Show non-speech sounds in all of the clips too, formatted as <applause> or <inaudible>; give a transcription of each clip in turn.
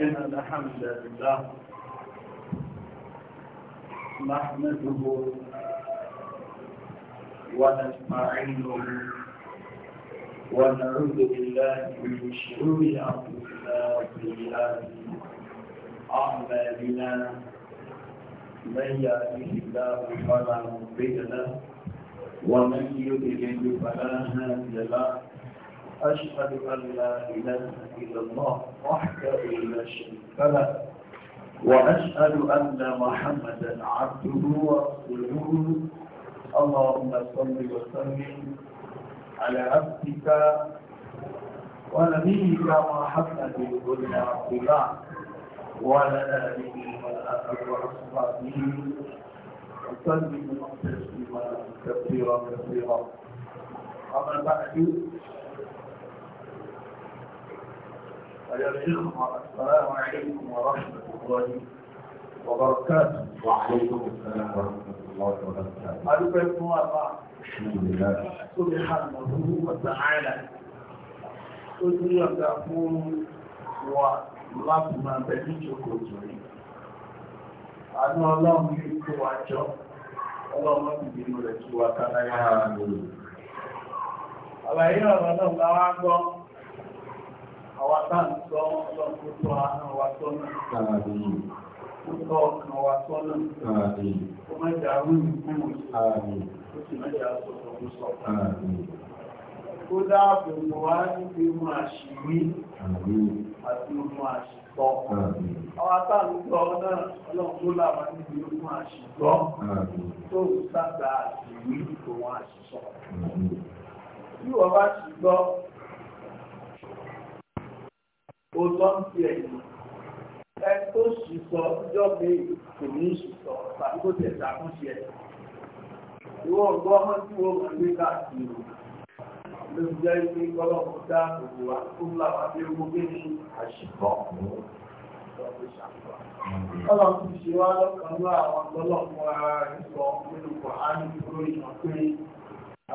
إن الحمد لله نحمده ونستعينه ونعوذ بالله من شرور أنفسنا وسيئات أعمالنا من يهده الله فلا مضل له ومن يضلل فلا هادي له أشهد أن لا إله إلا الله وحده لا شريك له وأشهد أن محمدا عبده ورسوله اللهم صل وسلم على عبدك ونبيك محمد بن عبد الله وعلى آله وأصحابه وسلم تسليما كثيرا كثيرا أما بعد السلام عليكم ورحمة الله وبركاته وعليكم السلام ورحمة الله وبركاته أدوك اسمه الله الحمد لله سبحانه وتعالى تدري أن تكون ولكن بẹ̀lú ìjókòó torí àánú ọlọ́run ní kó wá jọ ọlọ́run ti bínú rẹ̀ kí wá kánáyà rẹ̀ lórí àlàyé ọ̀rọ̀ náà bá wá gbọ́ àwọn àtàǹtọ́ ọlọ́pùtọ́ àwọn wa sọ́nà púpọ̀ ọkàn wa sọ́nà ó má jà rúrù fún òṣìṣẹ́ ó sì má jà sọ̀tọ̀ fún sọ̀tọ̀ ó dáàbò bò wá níbi mú àṣìwí àti mú àṣìtọ́ àwọn àtàǹtọ́ náà làwọn níbi mú tó sábà àṣìwí ó lọ ń tiẹ̀ ẹ tó sì sọ ọjọ́ pé kò ní sì sọ tàbí kó tẹ̀ ṣàkóso ẹ̀ ìwọ ọgbọ́n ọmọ tí wọ́n máa gbé káàkiri ló ń jẹ́ pé kọ́lọ́mù dá òwò àkúńlá wa bí owó gbé ní àṣìkọ́ Ọlọ́run ti ṣe wá lọ́kàn lọ́ àwọn ọlọ́pàá ìsọ̀ nínú Kọ̀hánì lórí ìmọ̀ pé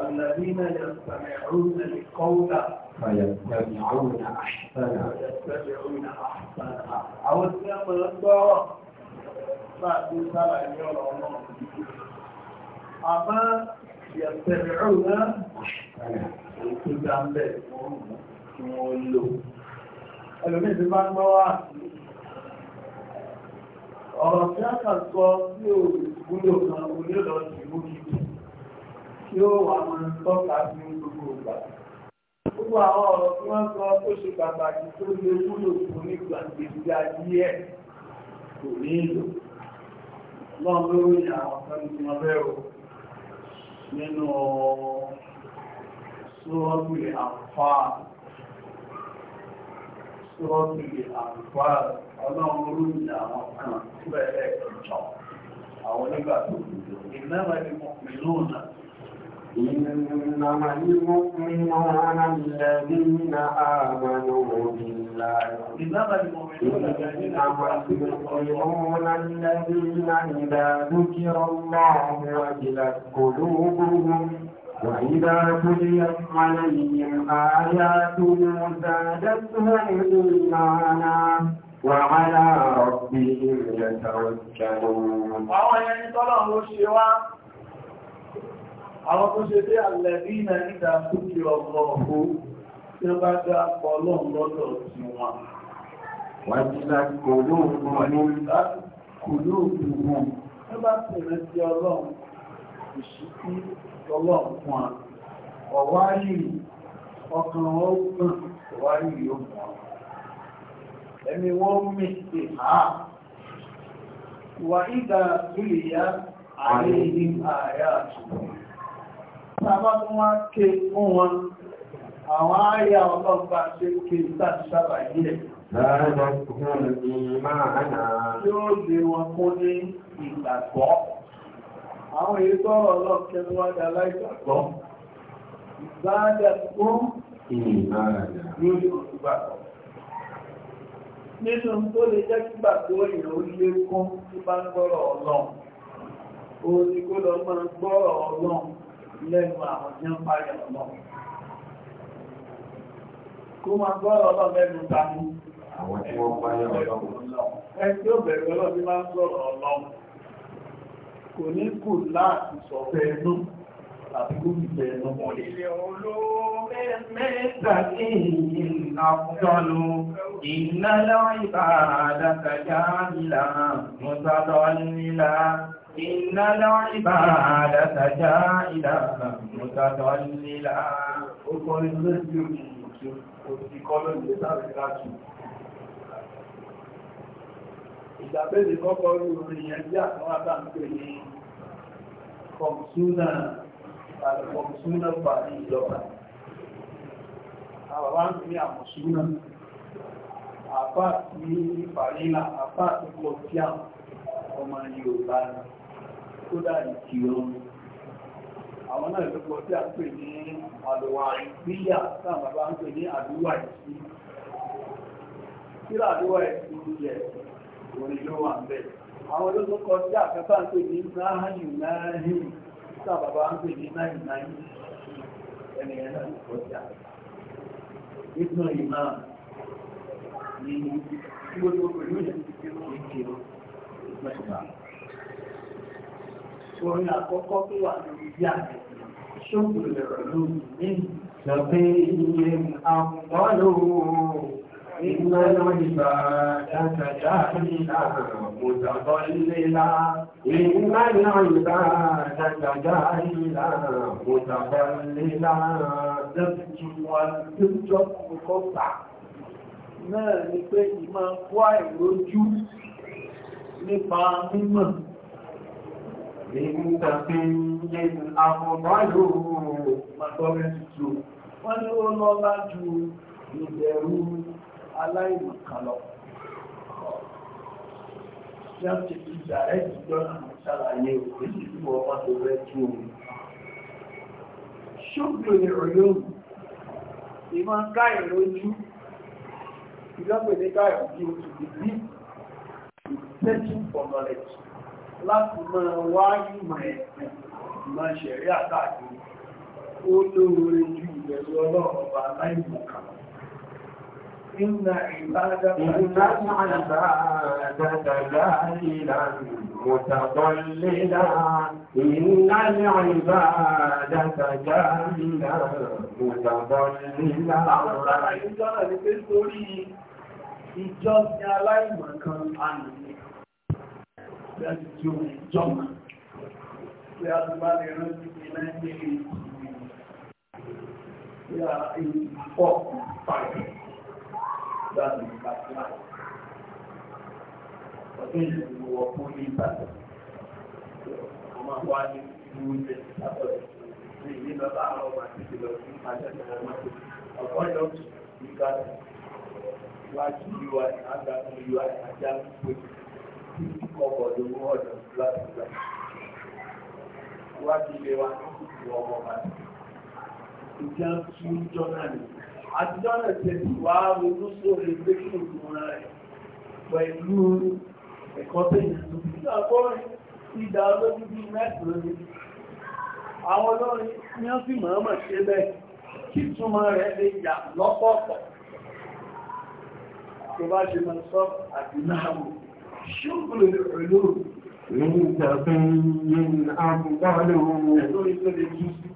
الذين يستمعون القول فيتبعون أحسنه يتبعون أحسنه أو السلام الله بعد سبع يوم الله أما يتبعون أحسنه الكلام به مولو ẹlòmíì ti bá ń gbọ́ wá yóò wà máa tọ́ka sí gbogbo ìgbà. Gbogbo àwọn ọ̀rọ̀ tí wọ́n sọ tó ṣe pàtàkì tó lè wúlò fún ayé ẹ̀ kò ní ìlò. Lọ́n lórí àwọn kan tí wọ́n o nínú sọ́ọ̀bùlì àǹfààní. Sọ́ọ̀bùlì àǹfààní ọlọ́run lórí àwọn kan tó bẹ̀rẹ̀ ìjọ àwọn onígbà tó إنما المؤمنون الذين آمنوا بالله إنما المؤمنون الذين إذا ذكر الله وجلت قلوبهم وإذا تليت عليهم آياته زادتهم إيمانا وعلى ربهم يتوكلون àwọn tó ṣe pé àlẹ́bí náà nígbà kúrò ọmọ ọ̀hó tí wọ́n bá dá pọ̀ lọ́n lọ́dọ̀ sí wọn wọ́n ti lá kòlóògùn wọn ní kòlóògùn wọn wọ́n bá tẹ̀rẹ̀ wọn ẹni wọ́n mí sí wà ìgbà tó Tàbá tó wá ké fún wọn, àwọn àyà ọlọ́gbà ṣe ké sáàṣàbà ilẹ̀. Yóò lè wọn kún ní ìgbàgbọ́. Àwọn èyí tọ́rọ ọlọ́kẹ́ tó wá dá láìgbàgbọ́. Ìgbàgbà fún ìgbàgbà yóò gbàgbọ́. Nínú tó lè jẹ́ kígbà tó èèyàn ó lé kún tí bá ń gbọ́rọ̀ ọlọ́run. Ó ní kó lọ máa gbọ́rọ̀ ọlọ́run lẹ́nu àwọn tí ń parí ọ̀lọ́. Kó máa gbọ́rọ̀ ọlọ́ lẹ́nu tani. Àwọn tí wọ́n parí ọ̀lọ́. Ẹ Kò ní kù láti sọ̀fẹ́ ẹnu tàbí kó fi bẹ̀ ẹnu Ilé olóògbé mẹ́ta ní ìlàkúndọ́lù, ìnáláwọ̀ ìbáradàkàjá ìlànà, mọ́tàdọ́ nílá. إن العبادة جائلة متضللة وقال الرجل وقال الرجل Ìdàbẹ́lì kọ́kọ́ rú orin yẹn jẹ́ àwọn àtàkì ní Kọ̀mṣúnà àti Kọ̀mṣúnà bà ní ìjọba. Àwàwá ń fi àmọ̀ṣúnà, àpá ní ìfàrílà, àpá ìpọ̀ tí àwọn ọmọ Yorùbá náà kódà ìkìrọ̀ àwọn náà ló pọ̀ tí a pè ní àlùwà ìpínyà táwọn bàbá ń pè ní àdúwà ìsí kíra àdúwà ìsí yẹ orin ló wà ńbẹ̀ àwọn ló tó kọ sí àkẹ́kọ̀ọ́ ń pè ní náhàyù náhìn táwọn bàbá ń pè ní náhìn orin àkọ́kọ́ tó wà lórí bí àmì ṣókù lẹ̀rọ lórí ní lọ́pẹ́ iye àpọ́lò iná lọ́yìnbá dákàjá nílá mọ̀tàbọ̀ nílá iná lọ́yìnbá dákàjá nílá mọ̀tàbọ̀ nílá lọ́pẹ́jù wa tó jọ́ kọ́kọ́ gbà náà ni pé ìmọ̀ kó àìrójú nípa mímọ̀ Wọ́n ní ó lọ lájú ìbẹ̀rù aláìmọ̀kànlọ. Ṣé ti fi jàrẹ́ ìjọ́ ṣàlàyé òkèsì tí wọ́n wá tó rẹ̀ tí ó rí. Ṣúgbò ìròyìn ìmọ̀ káyẹ̀ lójú, ìlọ́pẹ̀ ní káyẹ̀ láti máa wá ìmọ̀ ẹ̀sìn ìmọ̀ ṣẹ̀rí àtàkì ó lóore ju ìbẹ̀rù ọlọ́run ọba aláìmọ̀ kan. إن عبادك ذليلا متضللا إن العبادة جاهلا متضللا Ìjọ́ ni aláìmọ̀ kan ànìyàn. láti tí ó jọmà pé a tó bá lè rántí ní nàìjíríà pé a èyí pọ̀ pàdé láti ìgbà tí a ọdún ìlú ọkùn ní ìbàdàn ọmọ wa ní ìlú ìjẹ látọ̀rọ̀ ní ìlú bàbá àwọn ọmọ àti ìlú ọdún àjẹsára mọ́tò ọ̀pọ̀ yóò tún ní ká wájú yíwa àgbà yíwa àjá pé ọkọ̀ tó mú ọ̀dọ̀ láti gbà. Wá ti lè wá ní ìlú ọmọ bá. Ìjà ń tú jọ́nà ni. Àtijọ́ náà tẹ̀sí wá ronú sórí pé kí o tó ra rẹ̀ pẹ̀lú ẹ̀kọ́ tẹ̀yìn tó fi dá bọ́ọ̀rì sí ìdá olójú bí mẹ́sàn-án ni. Àwọn olórin ní wọ́n sì mọ̀ọ́mọ̀ ṣe bẹ́ẹ̀ kí túmọ̀ rẹ̀ lè yà lọ́pọ̀ọ̀pọ̀ ṣùgbọ́n ìlú nígbà bí yìí àbúgbàlù ẹ̀tọ́ ìpẹ́lẹ̀ jù sí.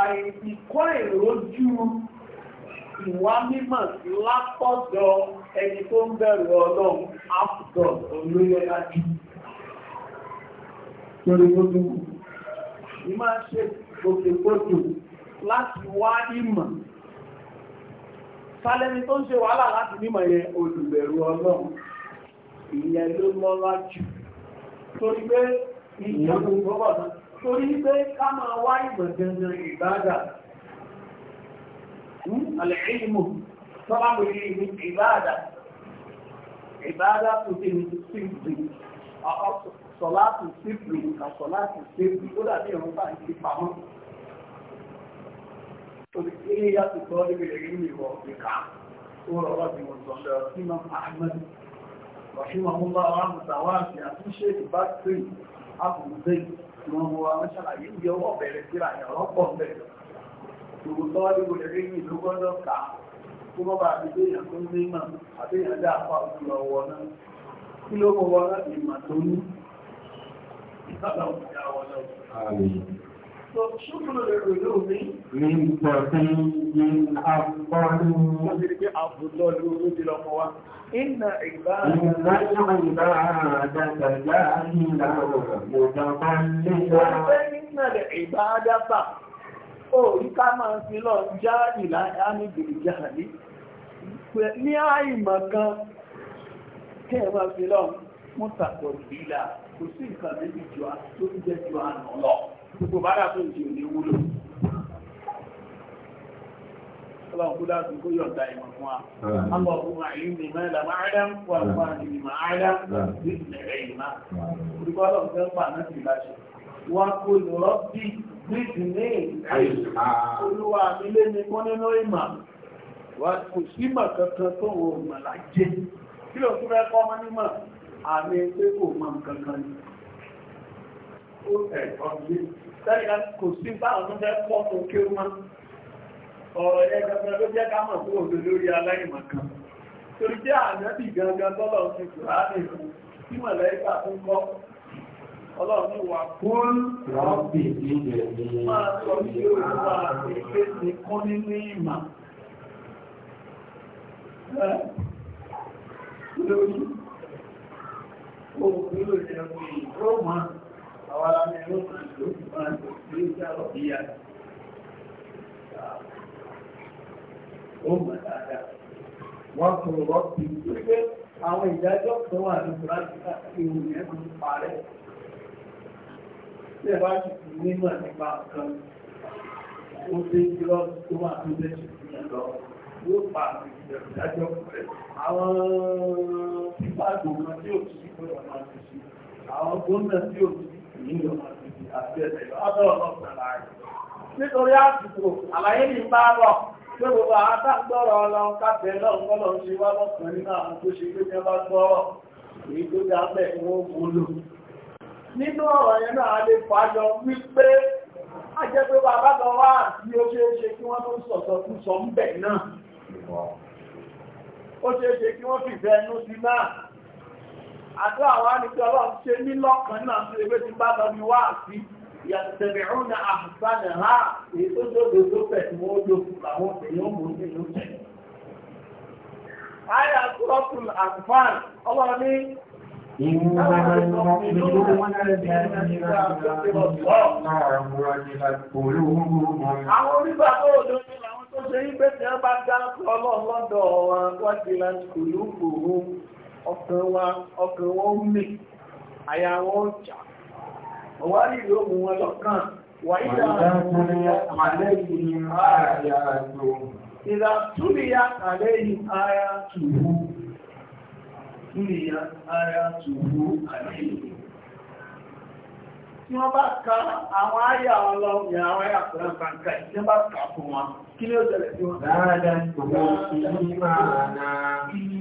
Àìkọ́ ìrójú ìwà mímọ̀ lápọ̀dọ̀ ẹni tó ń bẹ̀rù ọlọ́run ápùdọ̀ olóyẹ lájú. Torí gbogbo, ìmá ṣe gbogbo láti wá ìmọ̀ tálẹ́ni tó ń ṣe wà láti mímọ̀ yẹn olùbẹ̀rù ọlọ́run ìyẹn ló lọ́lá jù torí pé ìyẹ̀wò gbọ́bọ̀ torí pé ká máa wá ìmọ̀ dandan ìbádà hmm? alẹ́ ìmọ̀ وبالتالي طالب العلم وبقع صورة ربي والصلاة إمام أحمد رحمه الله رحمة واسعة في شيء باكري أبو زيد ما هو مثلا يجي هو بيرتيرا يا رب بيرتيرا وطالب العلم لغة قع ثم بعد ذلك يكون إمام حتى يدع فاضل الله وانا كل ما وانا إمام توني آمين Ní pọ̀tí ní àpọ̀lú. Mo ti rí pé àbùdó lórí ti lọ mọ́ wá. Iná ìgbà Orí ká máa fi lọ já ìlà ámìbìrì jáàlì. Ní àìmọ̀ kan, kẹ́ máa fi lọ mú tàkọ̀ ìlà, kò sí nǹkan méjì jù tó ń jẹ́ jù á lọ gbogbo bàdà tó ń di òní wúlò ọlọ́run kú láti kó yọ̀ǹda ìmọ̀ fún wa ọmọ ọkùnrin àìyí ni mẹ́lá máa dá ń kó àwọn àìyí máa dá bí ìbẹ̀rẹ̀ yìí máa orúkọ ọlọ́run fẹ́ pà náà sì láṣẹ wọn kò lọ́rọ́ bí bíìdì ní olúwa mi lé ní kọ́ nínú ìmọ̀ wa kò sí ìmọ̀ kankan tó wọ ìmọ̀ lájẹ kí ló tún fẹ́ kọ́ ọmọ nímọ̀ àmì pé kò mọ̀ kankan ni tó ẹ̀kọ́ yé sẹ́yìnká kò sí báwọn tó fẹ́ kọ́ fún kí ó má ọ̀rọ̀ yẹn gangan ló jẹ́ ká mọ̀ tó òdo lórí aláìmọ̀ kan torí jẹ́ ànábì gangan tọ́lọ̀ ti kùrá nìkan tí mọ̀lẹ́gbà tó kọ́ ọlọ́run ní wà kún rọ́bì nílẹ̀ ní máa sọ ní òwúwà ilé ní kún nínú ìmà lórí Wọ́n tó rọ́pì wípé àwọn ìdájọ́ tó wà ní Bùrásíkà tí ó yẹ kó parẹ́. Ṣé bá ti fi nímọ̀ nípa kan, ó dé jùlọ tó wà tó lè ṣe ìjọ yóò pa ìdájọ́ rẹ̀. Àwọn pípàgbò kan tí ò sí pé ọ̀nà àti sí, àwọn gómìnà tí ò sí Nítorí àsìkò, àlàyé ní bá lọ, pé gbogbo àádágbọ́rọ̀ ọlọ́run kábẹ̀ẹ́ lọ́run kọ́lọ̀ ṣe wá lọ́kùnrin nínú àwọn tó ṣe pé jẹ́ bá gbọ́rọ̀, èyí tó dá bẹ̀ wọ́n múlò. Nínú ọ̀rọ̀ yẹn náà lè fàájọ wípé a jẹ́ pé bàbá àdó àwọn àníkẹ́ ọlọ́run ṣe mí lọ́kàn náà tó ewé ti bá lọ ní wá sí ìyàtẹ̀bẹ̀ ọ̀hún ní àbùsánà ha èyí tó dòdò tó pẹ̀ tí wọ́n lò fún àwọn èèyàn mò ń tẹ̀ Àyà Sọ́tún Àfáàn ọlọ́run ní Àwọn onígbàgbọ́ òdòdó làwọn tó ṣe yí pé tí wọ́n bá dá ọlọ́run lọ́dọ̀ wọn, wọ́n ti lọ kùlù kùlù ọkàn wa ọkàn wọn mì àyà wọn jà ọwá nílò mú wọn lọ́kàn wà ìdá túnìyà àlẹ́yìn ara tùhú tí wọ́n bá ka àwọn ayà ọlọ́run yà àwọn ayà pẹ̀lú àkàkà tí wọ́n bá kà fún wọn kí ni ó tẹ̀lẹ̀ tí wọ́n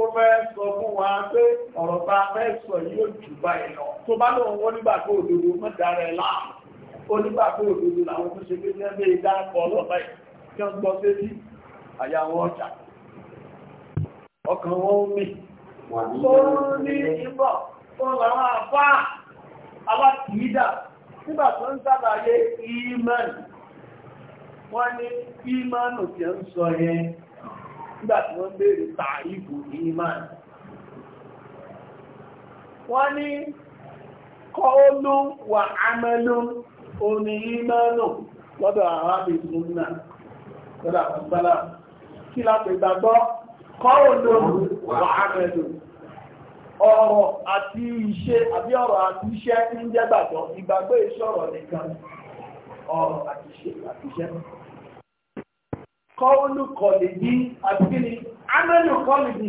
ó fẹ́ sọ fún wa pé ọ̀rọ̀ bá fẹ́ sọ yóò jù báyìí lọ tó bá lóun wọ́n nígbà tó òdodo mọ́dára ẹ̀ láàmú ó nígbà tó òdodo làwọn tó ṣe pé ní ẹgbẹ́ ìdárúkọ ọlọ́ọ̀bá yìí kí wọ́n gbọ́ sí ọjà ọkàn wọn ó ní ìbọ̀ làwọn àfá nígbà tí wọ́n béèrè tààrífù iman wọ́n ní kọ́ọ̀lù wà ámẹ́lú òní imanu lọ́dọ̀ àwọn àbìsùn náà lọ́dọ̀ àwọn sálà kí láti gbàgbọ́ kọ́ọ̀lù wà ámẹ́lú ọ̀rọ̀ àti iṣẹ́ àbí ọ̀rọ̀ àti iṣẹ́ ń jẹ́ gbàgbọ́ ìgbàgbọ́ ìṣọ̀rọ̀ nìkan ọ̀rọ̀ àti iṣẹ́ àti iṣẹ́ kọ́ọ̀lù kọ̀lì bí àbíkíní amẹ́lù kọ́lì bí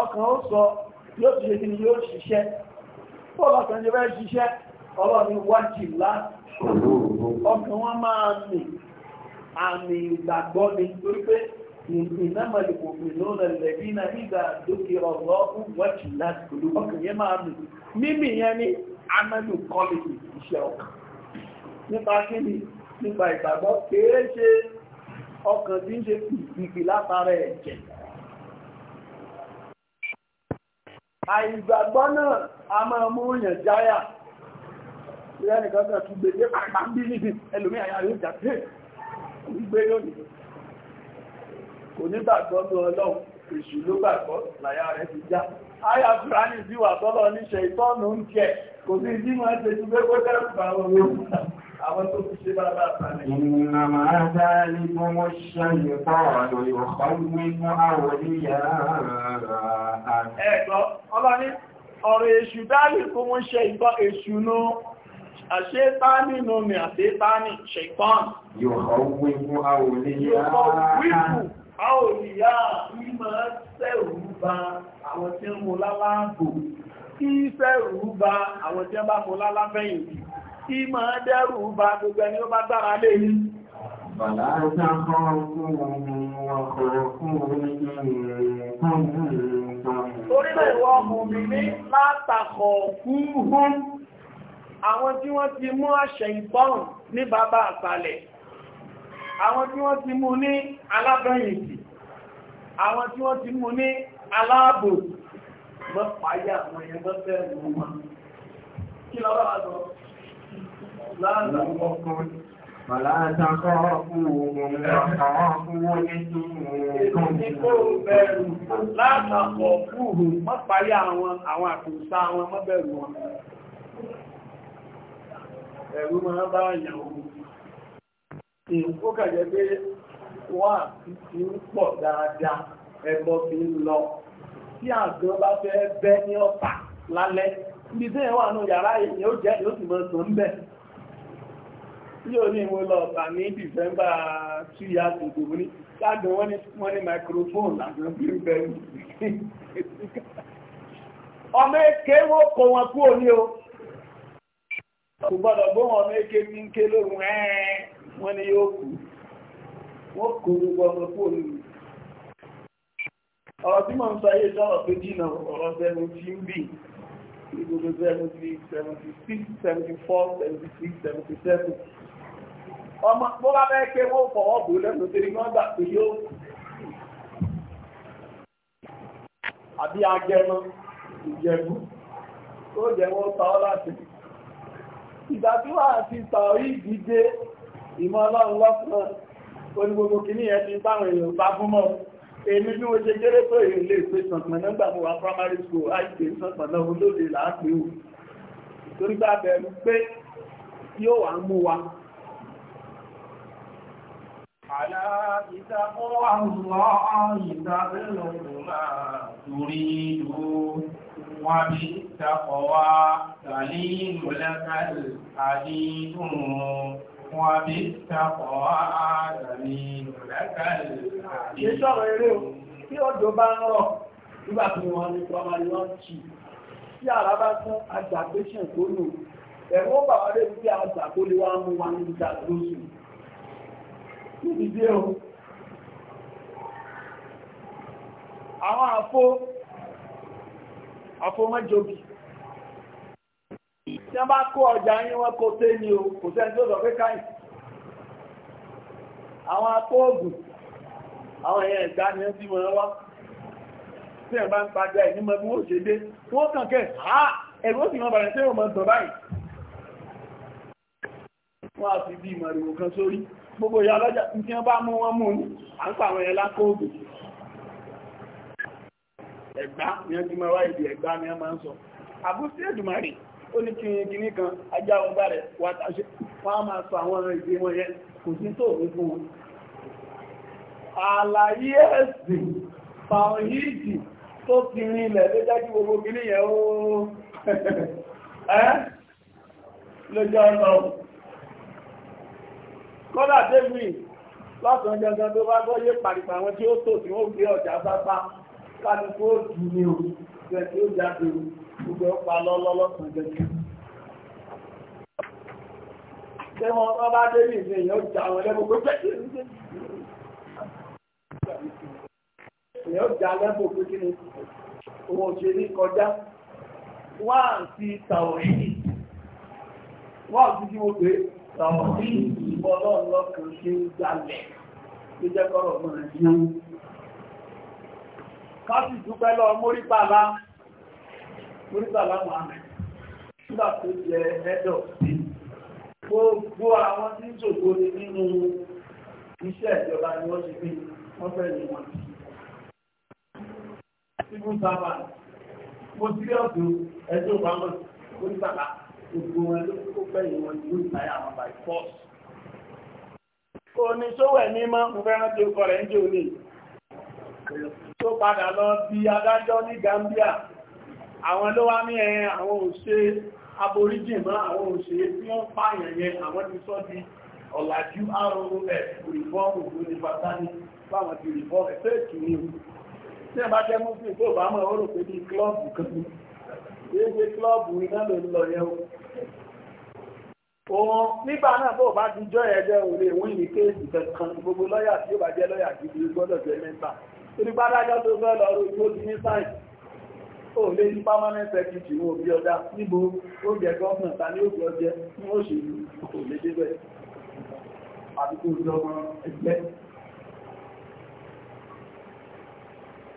ọkàn ó sọ yóò ti ṣe kí ni yóò ṣiṣẹ́ pọ́lọ̀ kan jẹ́ bẹ́ẹ̀ ṣiṣẹ́ ọlọ́ni wájì láti ọkàn wọn máa mì àmì ìgbàgbọ́ ni torí pé ìnámọ̀lì kò fi lónà lẹ́bí náà nígbà lókè ọ̀rọ̀ wájì láti pẹ̀lú ọkàn yẹn máa mì mímì yẹn ni amẹ́lù kọ́lì bí iṣẹ́ ọkàn nípa kí ni nípa ìgbàgbọ́ kéré ṣe ọkàn tí ń ṣe pìpìpì látara ẹ̀jẹ̀ àìgbàgbọ́ náà a máa mú yàn jáyà ìrẹ́nìkan kan tún gbèdé pàápàá bí níbi ẹlòmí àyà yóò jà pé gbígbé lónìí kò ní gbàgbọ́ ní ọlọ́run èṣù ló gbàgbọ́ láyá rẹ̀ ti já ayà fúrání bí wà tọ́lọ níṣẹ́ ìtọ́nù ń jẹ kò sí ìdí máa ṣe ti gbé gbé إنما ذلك fi ṣe bàbá àtàlẹ̀. Ìnàmà dáálé bó wọ́n ṣàyẹ̀ pọ̀ọ̀lù ìwọ̀kọ́ nínú àwòríyà ẹ̀kọ́. Ọlọ́ni, ọ̀rọ̀ èṣù dáálé kó wọ́n ṣe ìgbọ́ èṣù nú àṣẹ́tání nú mi àṣẹ́tání ṣẹ̀pán. Yọ̀kọ́ wíwú àwòríyà. Yọ̀kọ́ wíwú àwòríyà tí máa dẹ́rù bá gbogbo ẹni ó bá gbára lé ní Bàlá ìjàkọ́ ọkùnrin ọkùnrin Orílẹ̀ ìwọ ọkùnrin ní látàkọ̀ kúrún àwọn tí wọ́n ti mú àṣẹ ìbọn ní bàbá àsàlẹ̀, àwọn tí wọ́n ti mú ní alábẹ̀yìntì, àwọn tí wọ́n ti mú ní aláàbò, mọ́ pàáyà àwọn ẹgbẹ́ fẹ́ Fàlá àtàkọ́ fún òun ẹ̀kọ́ fún ó ní kí òun kò bẹ̀rù látàkọ̀ fún òun mọ́pàá yà àwọn àwọn àkùnsá wọn mọ́bẹ̀rù wọn. Ẹ̀rù máa bá yàn òun. Èkó kàjẹ́ pé wà ti ń pọ̀ dáadáa ẹ̀bọ̀ fi ń lọ. Tí àgbẹ̀ bá fẹ́ bẹ́ ní ọ̀pá lálẹ́, ibi tí ẹ̀ wà yàrá yìí ni ó jẹ́ yóò sì mọ̀ sùn ń bẹ̀ tí ò ní ìwò lọ ọ̀tà ní dìsẹ́mbà tí ìyá tuntun ní láti wọ́n ní wọ́n ní microphone láti wọ́n fi ń bẹ̀rù ọmọ èké wọ́n kọ wọn kú òní o kò gbọ́dọ̀ bó wọn ọmọ èké ní ké lóhun ẹ́ẹ̀ wọ́n ní yóò kú wọ́n kò gbogbo ọmọ kú òní ọ̀rọ̀ tí mò ń sọ ayé sọ̀rọ̀ tó jìnnà ọ̀rọ̀ bẹ̀rù tí ń bì ìgbòdò 70 76 74 76 77 ọmọ bó bá bẹ́ẹ̀ ké wọ́n fọwọ́ bò lẹ́nu torí wọ́n gbà pé yóò àbí agẹmọ ìjẹ̀bú tó jẹ́ wọ́n ta ọ́ láti ìdàdúrà àti ìtàrí ìdíje ìmọ̀ ọlọ́run lọ́sàn-án onígbogbo kìíní ẹ̀ ti báwọn èèyàn bá fún mọ́ èmi bí mo ṣe kéré tó èyí lè pé nígbà mo wà primary school àìsè sọ̀pọ̀ náà olóde làápé o torí bá bẹ̀rù pé yóò wá mú wa. Àlá ìtàkùn àwùjọ ìtàkùn máa وبالتقوى أعلمين لك الحديث nígbà ẹ̀wọ́n bà lè fi àgbà tó lè wá mú wa ní ìjà lóṣù níbi dé o àwọn àfó àfó mọ́jọ́bì tí wọ́n bá ọjà yín wọ́n kó tẹ́ ní o kò sẹ́ni tó sọ pé káyìn àwọn akóògùn àwọn èèyàn ìgbà ni wọ́n bí wọn wá tí wọ́n bá ń pàjá ẹ̀ ní bí dé wọ́n kàn kẹ́ ha sì mọ́ bàrẹ̀ tí wọ́n mọ́ tọ̀ báyìí wọ́n á fi bí kan sórí gbogbo ìyá ọlọ́jà tí bá mú wọn mú à ń pa àwọn ẹ̀gbá ni ti wá ni máa ń ó ní kí n kìíní kan ajá wọn bá rẹ̀ wàtàṣe wọ́n á máa sọ àwọn ọ̀rọ̀ ìgbé wọn yẹn kò sí tó òwe fún wọn àlàyé ẹ̀sìn fàáyíìdì tó ti rin ilẹ̀ ló jẹ́ kí gbogbo kìíní yẹn ó ẹ́ lójọ́ ọ̀nà kọ́dà tẹ́mì lọ́sàn jẹ́ tó bá gbọ́ yé pàrìpà àwọn tí ó tò tí ó àti ẹ̀kí ó jáde gbogbo ọpa lọ́lọ́lọ́sàn jẹ́jẹ́. Ṣé wọn bá bá dé ní ìsìn èèyàn jà wọn lẹ́bùn pé pẹ́ èèyàn jà lẹ́bùn pé kí ni òun ṣe ní kọjá. Wá àti tàwọ̀hí. Wá àti kí mo pè é tàwọ̀hí ìbọn lọ́ọ̀lọ́ kan ṣe ń jalè. Ṣé jẹ́ kọ́rọ̀ mọ́ ẹ̀ káàkì dúpẹ́ lọ mórípàlá mórípàlá mohamed nígbà tó jẹ ẹ̀dọ̀ gbogbo àwọn tí ń ṣògbó ni nínú iṣẹ́ ìjọba ni wọ́n ṣe pé wọ́n fẹ́ lè wọ́n ti civil servant mo ti rí ọ̀dọ̀ ẹjọ́ obama mórípàlá gbogbo wọn ló kó fẹ́yìn wọn ni ó àwọn by force oníṣòwò ẹ̀mí mọ́ mo fẹ́ràn tí ó rẹ̀ ń jẹ́ òní tó padà lọ bí adájọ́ ní Gambia àwọn ló wá ní ẹ̀yẹn àwọn òṣè aborigin mọ́ àwọn òṣè tí wọ́n pààyàn yẹn àwọn ti sọ́ di ọ̀làjú rov rìfọ́ọ̀mù universal fáwọn ti rìfọ́ọ̀mù ẹ̀fẹ́ ìkìní tí ẹ bá jẹ́ muslim tó bá mọ̀ ọ́rọ̀ pé ní klọ́ọ̀bù kan ní ẹgbẹ́ klọ́ọ̀bù iná ló ń lọ yẹn o òun nígbà náà bó bá ti jọ ẹ̀jẹ̀ òun lè wọ́n ìní kéèsì kankan gbogbo lọ́ọ̀yà tí ó bá jẹ́ lọ́ọ̀yà gidi gbọ́dọ̀ jẹ́ mẹ́ta onígbádájọ́ tó fẹ́ lọ rú ìgbó ní sáìtì ó lé ní permanent secretary ní òbí ọdá níbo oúnjẹ gọ́ọ̀mù ta ní òbí ọjẹ́ ní òṣèlú kò lè débẹ̀ àdúgbò ìjọba ẹgbẹ́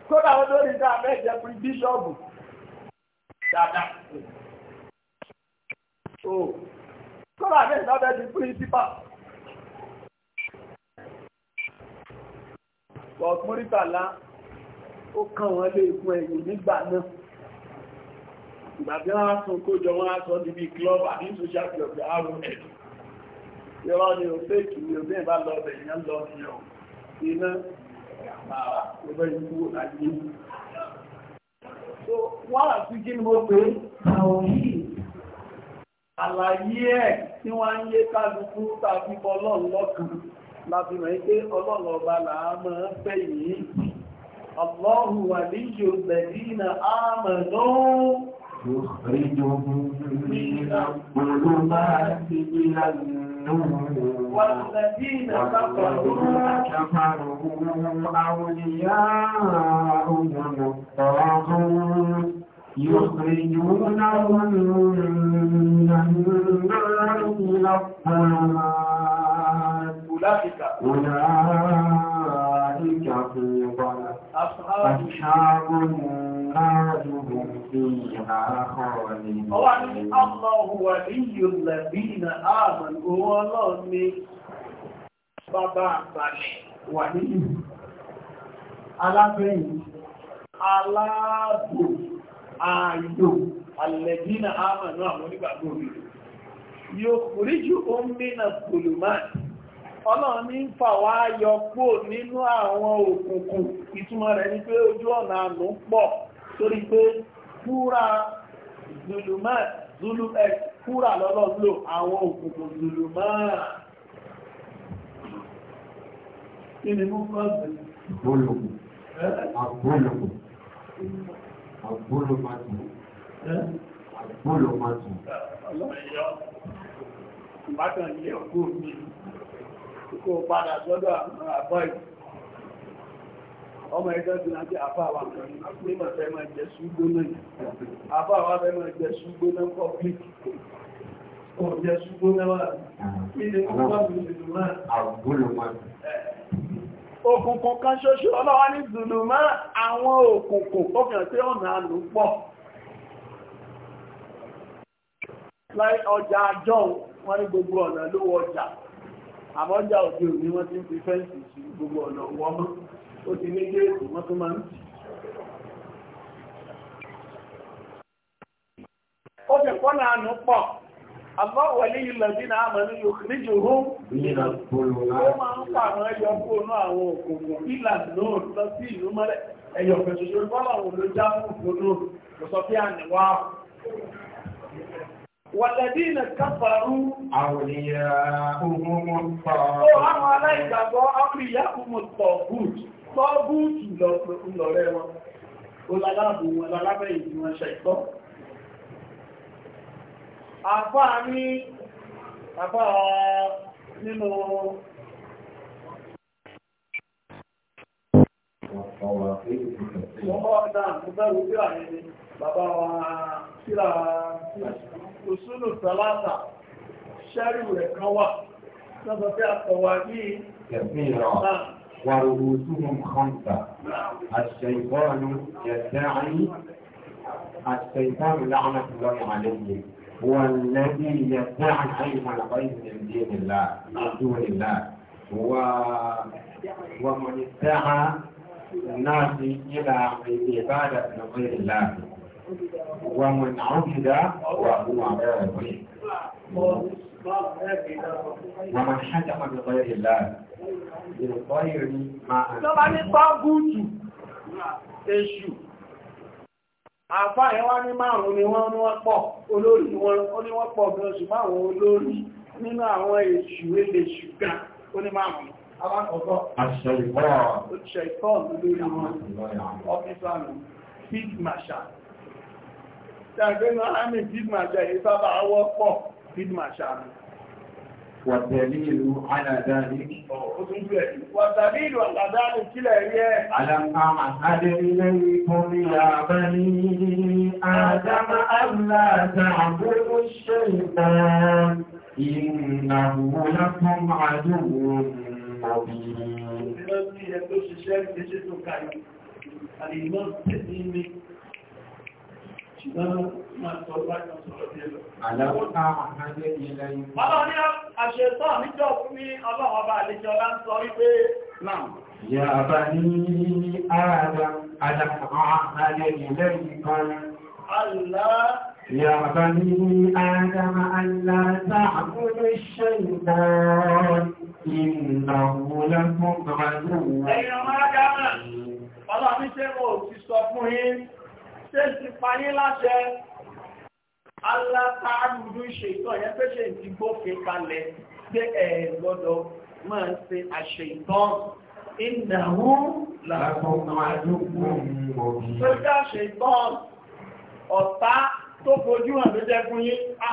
kódà ó lórí ìdá mẹ́jẹ fún bíṣọ́ọ̀bù dáadáa kódà mẹ́jẹ lábẹ́ di principal ọ̀túnrítàlá ó kàn wọ́n lé ikú ẹ̀yìn nígbà náà ìgbà tí wọ́n á tún kójọ wọ́n á sọ níbi club àbí social club rm yọ́rọ́ ni ò fèkì ní obí ìbá lọ ọ̀bẹ̀ ìyẹn lọ ní ọ̀ iná àpàrà ọgbẹ́ ikú àyè so wọ́n àti kí ni mo pè é àwọn yìí àlàyé ẹ̀ tí wọ́n ń yé kálukú tàbí bọ́lọ́ lọ́kàn láti mọ̀ pé ọlọ́run ọba làá يخرجهم من الظلمات إلى النور والذين كفروا أولياءهم الطاغوت يخرجونهم من النار إلى الظلمات láfíkà. Ọ̀nà ìjà fún ìwọ̀nà. Aṣáàbò láàrùn sí ìhà ọ̀rẹ́. Ọwà ní àmà òwà ní ìrìnlẹ̀bí na ààbò owó ọlọ́run ní bàbá àgbàlẹ̀ wà aláàbò, ààyò, àlẹ̀bí àmà náà mọ́ nígbàgbọ́ mi. Yóò kùrí ju omi na pòlùmáàtì ọlọ́run ní ń fà wá yọ kúrò nínú àwọn òkùnkùn ìtumọ̀ rẹ̀ ni pé ojú ọ̀nà àánú pọ̀ torí pé fúra zulumẹ́ zulu ẹ̀ eh, fúra lọ́lọ́lò àwọn òkùnkùn zulumẹ́ kí ni mú fọ́ọ̀sì gbólógún agbólógún eh? agbólógún agbólógún eh? agbólógún kó padà sọ́dọ̀ àwọn àbọ̀ yìí ọmọ ẹgbẹ́ ti láti àfáàwà nígbà fẹ́ máa jẹ ṣúgbóná àfáàwà fẹ́ máa jẹ ṣúgbóná public ọ̀jẹ́ ṣúgbóná wà nílé púpọ̀ òkùnkùn kan ṣoṣo ọlọ́wà ní zùlùmọ́ àwọn òkùnkùn ó kàn tí ọ̀nà àlò pọ̀ láì ọjà àjọ wọn ní gbogbo ọ̀nà ló wọ ọjà àmọ́jà òde òní wọ́n ti ń fi fẹ́ǹsì gbogbo ọ̀nà wọ́n mọ́ ó ti ní géètì wọ́n tún máa ń tì. ó fi kọ́nà àánú pọ̀ àmọ́ wọlé ilẹ̀ bí náà mọ̀ ní yòókìríjì hún ó máa ń pa àwọn ẹyọ àwọn náà Wàlẹ̀dínà káfàrú àwòrìyà umùmùtọ̀. Ó àwọn aláìgbàgbọ́ áfíríyà umùtọ̀ bùtù, tọ́ bùtù lọ̀rẹ́ wọn. Ó lálábù wọn lálábẹ̀ ìdí wọn ṣẹ̀tọ́. Àfá ní àfá nínú Wọ́n bá wọ́n dáa, mo bẹ́rù bí àyẹni. bàbá wa síra òṣùlù sàlátà ṣẹ́rù rẹ̀ kan wà lọ́sọ̀ pé àtọ̀wà ورؤوسهم خمسة الشيطان يدعي الشيطان لعنة الله عليه هو الذي يدعي علم الغيب من دين الله من دون الله و... ومن ادعى الناس إلى عبادة من غير الله ومن عبد وهو راض ومن حكم بغير الله بغير ما طبعا الطاغوت èṣù àfá ẹwà ní márùn ni wọ́n ní wọ́n pọ̀ olórí wọn ó ní wọ́n pọ̀ bí oṣù márùn olórí nínú àwọn èṣù eléṣù gan ó ní márùn alákọ̀ọ́kọ́ àṣẹ ìfọ́ olórí wọn ọfíìsì àmì field marshal Ṣàgbénú àmì fídmà jẹ́ ìsábà àwọ́ pọ̀ fídmà ṣàmì. Wàtẹ̀lílù aládàrí. Ó tún bẹ̀rẹ̀. Wàtẹ̀lílù aládàrí kílẹ̀ yẹ. Àlàmà àdẹ́rẹ́lẹ́ ìkúnlẹ̀ àbẹ́rí. Àdámà àlàdà àbúrú ṣe ìbọn. Ìnàwó lápọ̀ àdúgbò mọ̀bí. Ìrọ́bí ẹ̀ tó ṣiṣẹ́ ìgbésẹ̀ tó kàrí. Àlè ṣùgbọ́n máa tọ́ láti sọ̀rọ̀ bí ẹlọ. Àlàó táwọn kan jẹ́ ní ilẹ̀ yìí. Ọlọ́run ní àṣẹ́tọ́ níjọ́ fún ọlọ́run ọba àlejò ọlá sọ wípé náà ṣe ti payé láṣẹ alátàádùdú ṣe ìtọ́ ẹ̀yẹ́ pé ṣe ìdìgbò fi kalẹ̀ pé ẹ̀ gbọ́dọ̀ máa ṣe àṣẹ ìtọ́ ìnáwó làkọ̀ọ̀kan àdúgbò tó jẹ́ àṣẹ ìtọ́ ọ̀tá tó fojú hàn ló jẹ́ fún yín á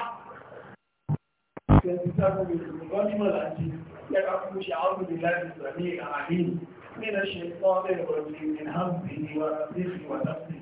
من الشيطان الرجيم من همزه ونفسه ونفسه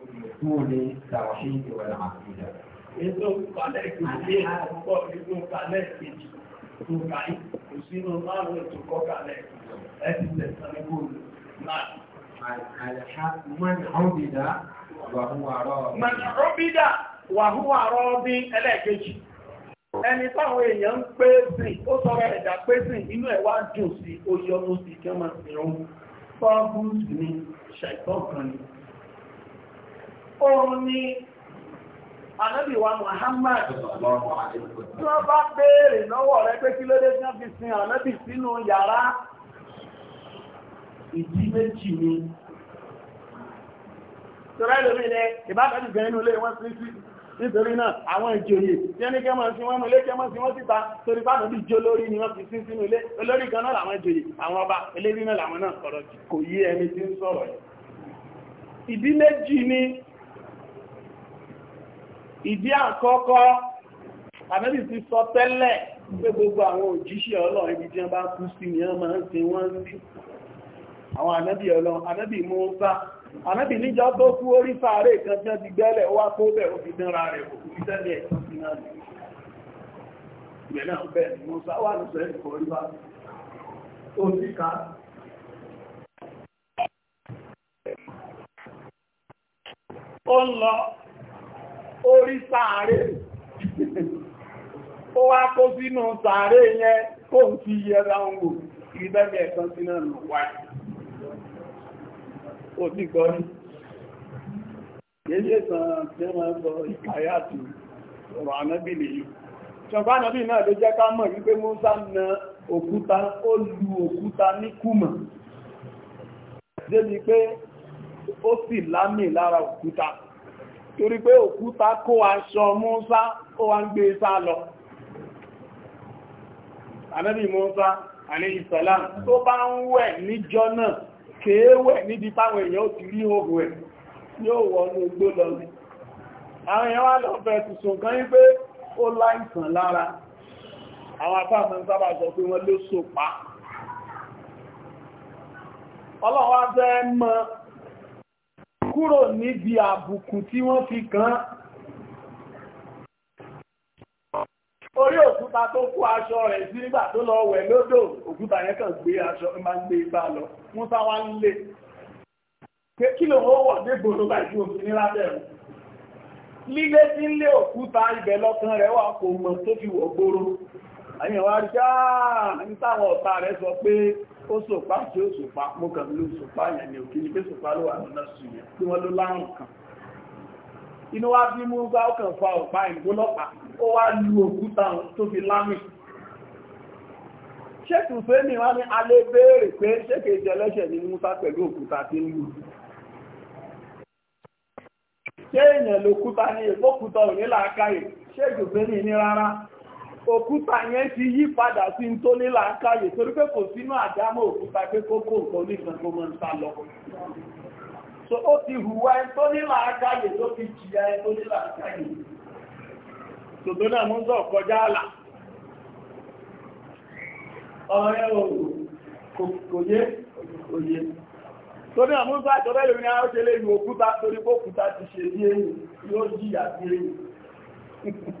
طول التوحيد والعقيدة إذن قالك فيها أخبار إذن قالك تبعي وسين النار وتبقى عليك أجل سنقول نعم الحق من عبد وهو راضي من عبد وهو راضي ẹlẹ́ẹ̀kejì ẹni táwọn èèyàn ń pé sìn ó sọ̀rọ̀ ẹ̀dà pé sìn inú ẹ̀ wá dùn sí oyọ́nú sí kí wọ́n ti rún fọ́ọ̀bù ní ṣẹ̀tọ́ kan ni òun ni Ànábì wa Muhammad tí wọ́n bá béèrè lọ́wọ́ rẹ̀ pé kí ló dé tí wọ́n fi sin Ànábì sínú yàrá ìdí méjì ni. Sọ̀rọ̀ ìlòmí ilẹ̀ ìbátanì gan inú ilé wọn sí sí nítorí náà àwọn ìjòyè tí ẹni kẹ́mọ̀ sí wọ́n ilé kẹ́mọ̀ sí wọ́n síta torí bá tàbí jẹ́ olórí ni wọ́n fi sí sínú ilé olórí gan náà làwọn ìjòyè àwọn ọba eléri náà làwọn náà sọ̀rọ̀ kò yé ẹni tí ń sọ̀rọ̀ ìdí méjì ni ìdí àkọ́kọ́ àbẹ́bì ti sọ tẹ́lẹ̀ pé gbogbo àwọn òjíṣẹ́ ọlọ́run ibi tí wọ́n bá kú sí ni wọ́n máa ń sin wọ́n sí àwọn ànábì ọlọ́run ànábì kan tí ti gbẹ́lẹ̀ wá tó bẹ̀ ó fi dánra rẹ̀ kò fi tẹ́lẹ̀ ẹ̀kọ́ sí náà ìgbẹ̀ náà bẹ́ẹ̀ ni wà orí sàárè ó wá kó sínú sàárè yẹn kó ń fi yẹra ń wò ìrìbẹ́bẹ̀ ẹ̀kan sí náà nù wáyé ó ti gbọ́ ní kéjé sàn tí wọ́n sọ ìkàyàtì ọ̀rọ̀ ànábì nìyí ṣọ̀bá ànábì náà ló jẹ́ ká mọ̀ wípé Mùsá na òkúta ó lu òkúta ní kùmọ̀ débi pé ó sì lámì lára òkúta torí pé òkúta kó aṣọ Mùsá ó wá ń gbé e sá lọ anábì Mùsá alayhi salam tó bá ń wẹ̀ níjọ́ náà kéèwẹ̀ níbi táwọn èèyàn ti rí ogun ẹ̀ yóò wọnú igbó lọ rí àwọn èèyàn wá lọ fẹ́ tuntun kan ní pé ó láìsàn lára àwọn afáàmọ́ sábà sọ pé wọ́n ló sòpá ọlọ́wọ́ fẹ́ mọ́ kúrò níbi àbùkù tí wọ́n fi kàn orí òkúta tó kó aṣọ rẹ̀ sí nígbà tó lọ wẹ̀ lódò òkúta yẹn kàn gbé aṣọ máa gbé ibá lọ Músá wá ń lé pé kí ló wọ́n wọ̀ dé gbòòrò báyìí omi ní lábẹ́rù lílé sí ń lé òkúta ibẹ̀ lọ́kàn rẹ̀ wà kò mọ̀ tó fi wọ̀ gbòòrò àyìn wá rí jáà ah, ní táwọn ọ̀tá rẹ̀ sọ pé ó sòpá tí ó sòpá mú kàn ló sòpá yẹn ni òkè ní pé sòpá ló wà lọ́nà sí yẹn tí wọ́n ló láhùn kan inú wá bí mú bá ó kàn fa ọ̀pá ìgbólọ́pàá ó wá lu ní alẹ́ béèrè pé ṣékè ìjẹlẹ́ṣẹ̀ ní ní rárá òkúta yẹn ti yí padà sí tó ní làákàyè torí pé kò sínú àjámọ́ òkúta pé kókó nǹkan nìkan tó mọ́ ń sá lọ so ó ti ẹ tó ní làákàyè tó fi jìyà ẹ tó ní làákàyè tòtò náà mú sọ kọjá àlà kò yé ní <laughs>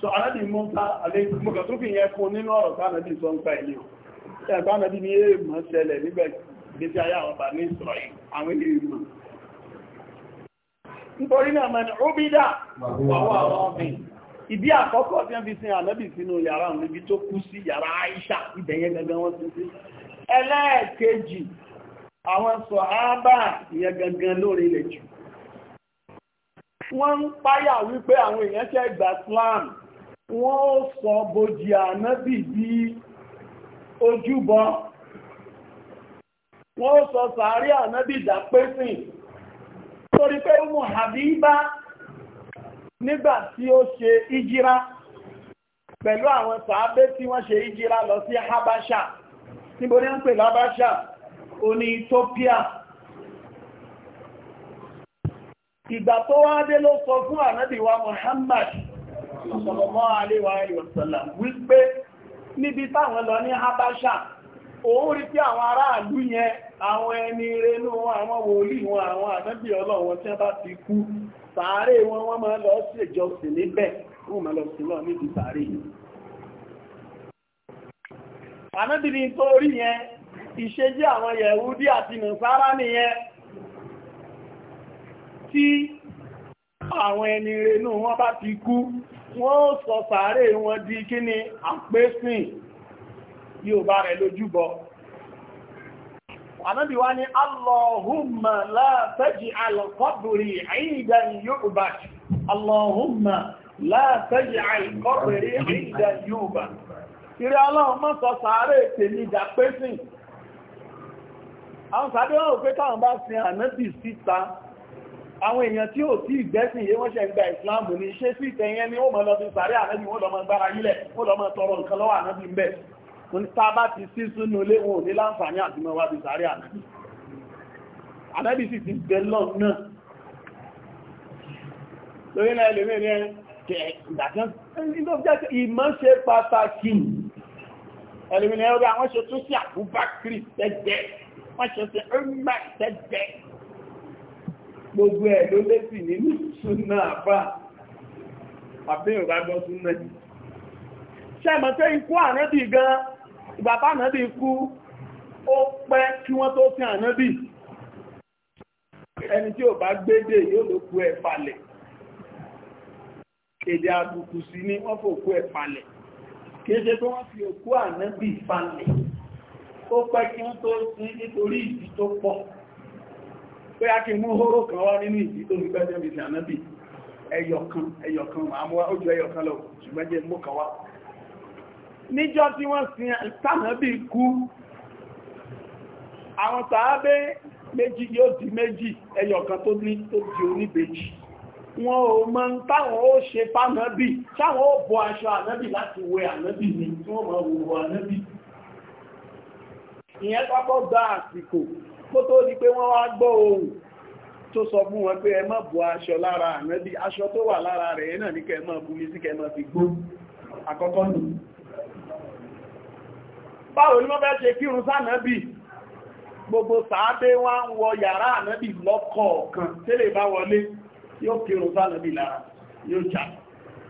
so anábì Mùsá àlejò tó fi yẹn fún nínú ọ̀rọ̀ tánàbì sọ ń pa ilé tánàbì ní èè mọ́ ṣẹlẹ̀ nígbẹ̀ gbèsè ayé àwọn ní ìsọ̀rọ̀ àwọn ilé ìmọ̀ nítorí náà mẹ́ni rúbídà wọ́n yara Aisha wọ́n ti sí ẹlẹ́ẹ̀kejì gangan wọ́n ń páyà wípé àwọn èèyàn ṣe gbà Islam wọ́n ó sọ bòjì ànábì di ojúbọ wọ́n ó sọ sàárì ànábì dàpẹ́sìn torí pé ó mú Habiba nígbà tí ó ṣe ìjírá pẹ̀lú àwọn sàábé tí wọ́n ṣe ìjírá lọ sí Habasha níbo ni wọ́n pè lábáṣà ó Ethiopia ìgbà tó wá dé ló sọ fún ànábìwá Muhammad sallallahu alaihi wa wípé níbi táwọn lọ ní Habasha òun rí àwọn aráàlú yẹn àwọn ẹni renú àwọn wòlíì wọn àwọn ànábì Ọlọ́run tí wọ́n bá ti kú sàárè wọn wọ́n máa lọ sí ìjọsìn níbẹ̀ wọ́n máa lọ sí lọ tí àwọn ẹni renú wọn bá ti kú wọ́n ó sọ sàárè wọn di kí ni àpésìn yóò bá rẹ̀ lójúbọ ànábì wá ní allahumma la taj'al qabri 'idan yu'bad allahumma la taj'al qabri 'idan ìrẹ́ ọlọ́run mọ́ àwọn èèyàn tí ò tí ìgbẹ́sìn yé wọ́n ṣe ń gba ìsìláàmù ní ṣé sí ìtẹ̀yẹn ni ó mọ̀ lọ sí sàárẹ́ ànábì wọ́n lọ mọ gbára yílẹ̀ ó lọ mọ tọrọ nǹkan lọ́wọ́ ànábì ń bẹ̀ tá bá ti sí sínú ilé wọn ò ní láǹfààní àti mọ́ wá sí sàárẹ́ ànábì ànábì sì ti bẹ lọ́n náà lórí náà ẹlòmíì ní ẹ ìgbàkan ìmọ̀ ṣe pàtàkì ẹlòmíì ní ẹ wọ́n ṣe tún sí àbúbákírì tẹ́gbẹ́ wọ́n ṣe tẹ́ gbogbo ẹ̀ ló lésì nínú súnà àbá àbẹ́ ìrágbọ́ súnà ṣẹ́mọ̀ tẹ́ ikú ànábì gan ìbàbá ànábì kú ó pẹ́ kí wọ́n tó sí ànábì ẹni tí ò bá gbédè yóò ló kú ẹ̀ palẹ̀ èdè àbùkù sí ní wọ́n fò kú ẹ̀ palẹ̀ kìí ṣe tó wọ́n fi òkú ànábì palẹ̀ ó pẹ́ kí wọ́n tó sí nítorí ìdí tó pọ̀ bóyá kí mú hóró kan wá nínú ìdí tó fi gbẹ́jẹ́ mi sí ànábì ẹyọkan ẹyọkan àmúwá ó ju ẹyọkan lọ ṣùgbọ́n jẹ́ mú kan wá níjọ́ tí wọ́n sin tànábì kú àwọn tàábé méjì yóò di méjì ẹyọkan tó ní tó di oníbejì wọn ò mọ̀ táwọn ó ṣe fánábì táwọn ó bọ aṣọ ànábì láti wẹ ànábì ni tí wọ́n máa wò ànábì ìyẹn pápọ̀ gba àsìkò kó tó di pé wọ́n wá gbọ́ ohùn tó sọ fún wọn pé ẹ má bu aṣọ lára ànábì aṣọ tó wà lára rẹ̀ náà ní kẹ má bu mi sí kẹ má fi gbó àkọ́kọ́ nù báwo ni wọ́n bẹ́ ṣe kírun sánàbì gbogbo sàádé wá ń wọ yàrá ànábì lọ́kọ̀ọ̀kan tẹ́lẹ̀ bá wọlé yóò kírun sánàbì lára yóò jà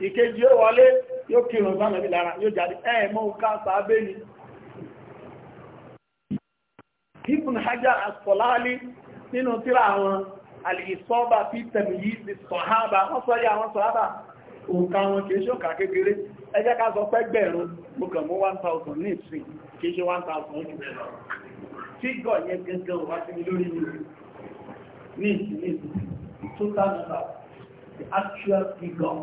ìkejì yóò wọlé yóò kírun sánàbì lára yóò jà ẹ̀ẹ̀mọ́ ká sàábé ni Ibn Hajar Asqalani nínú tíra àwọn alìsọ́bà fi tẹ̀mì yìí ti sọ̀hábà wọ́n sọ yí àwọn sọ̀hábà òǹkà wọn kìí ṣọ́kà kékeré ẹ jẹ́ ká sọ pé gbẹ̀rún gbogbo 1000 ní ìsìn kìí ṣe 1000 jù bẹ̀rọ fígọ̀ yẹn gẹ́gẹ́ wà sí lórí ní ìsìn total number the actual figure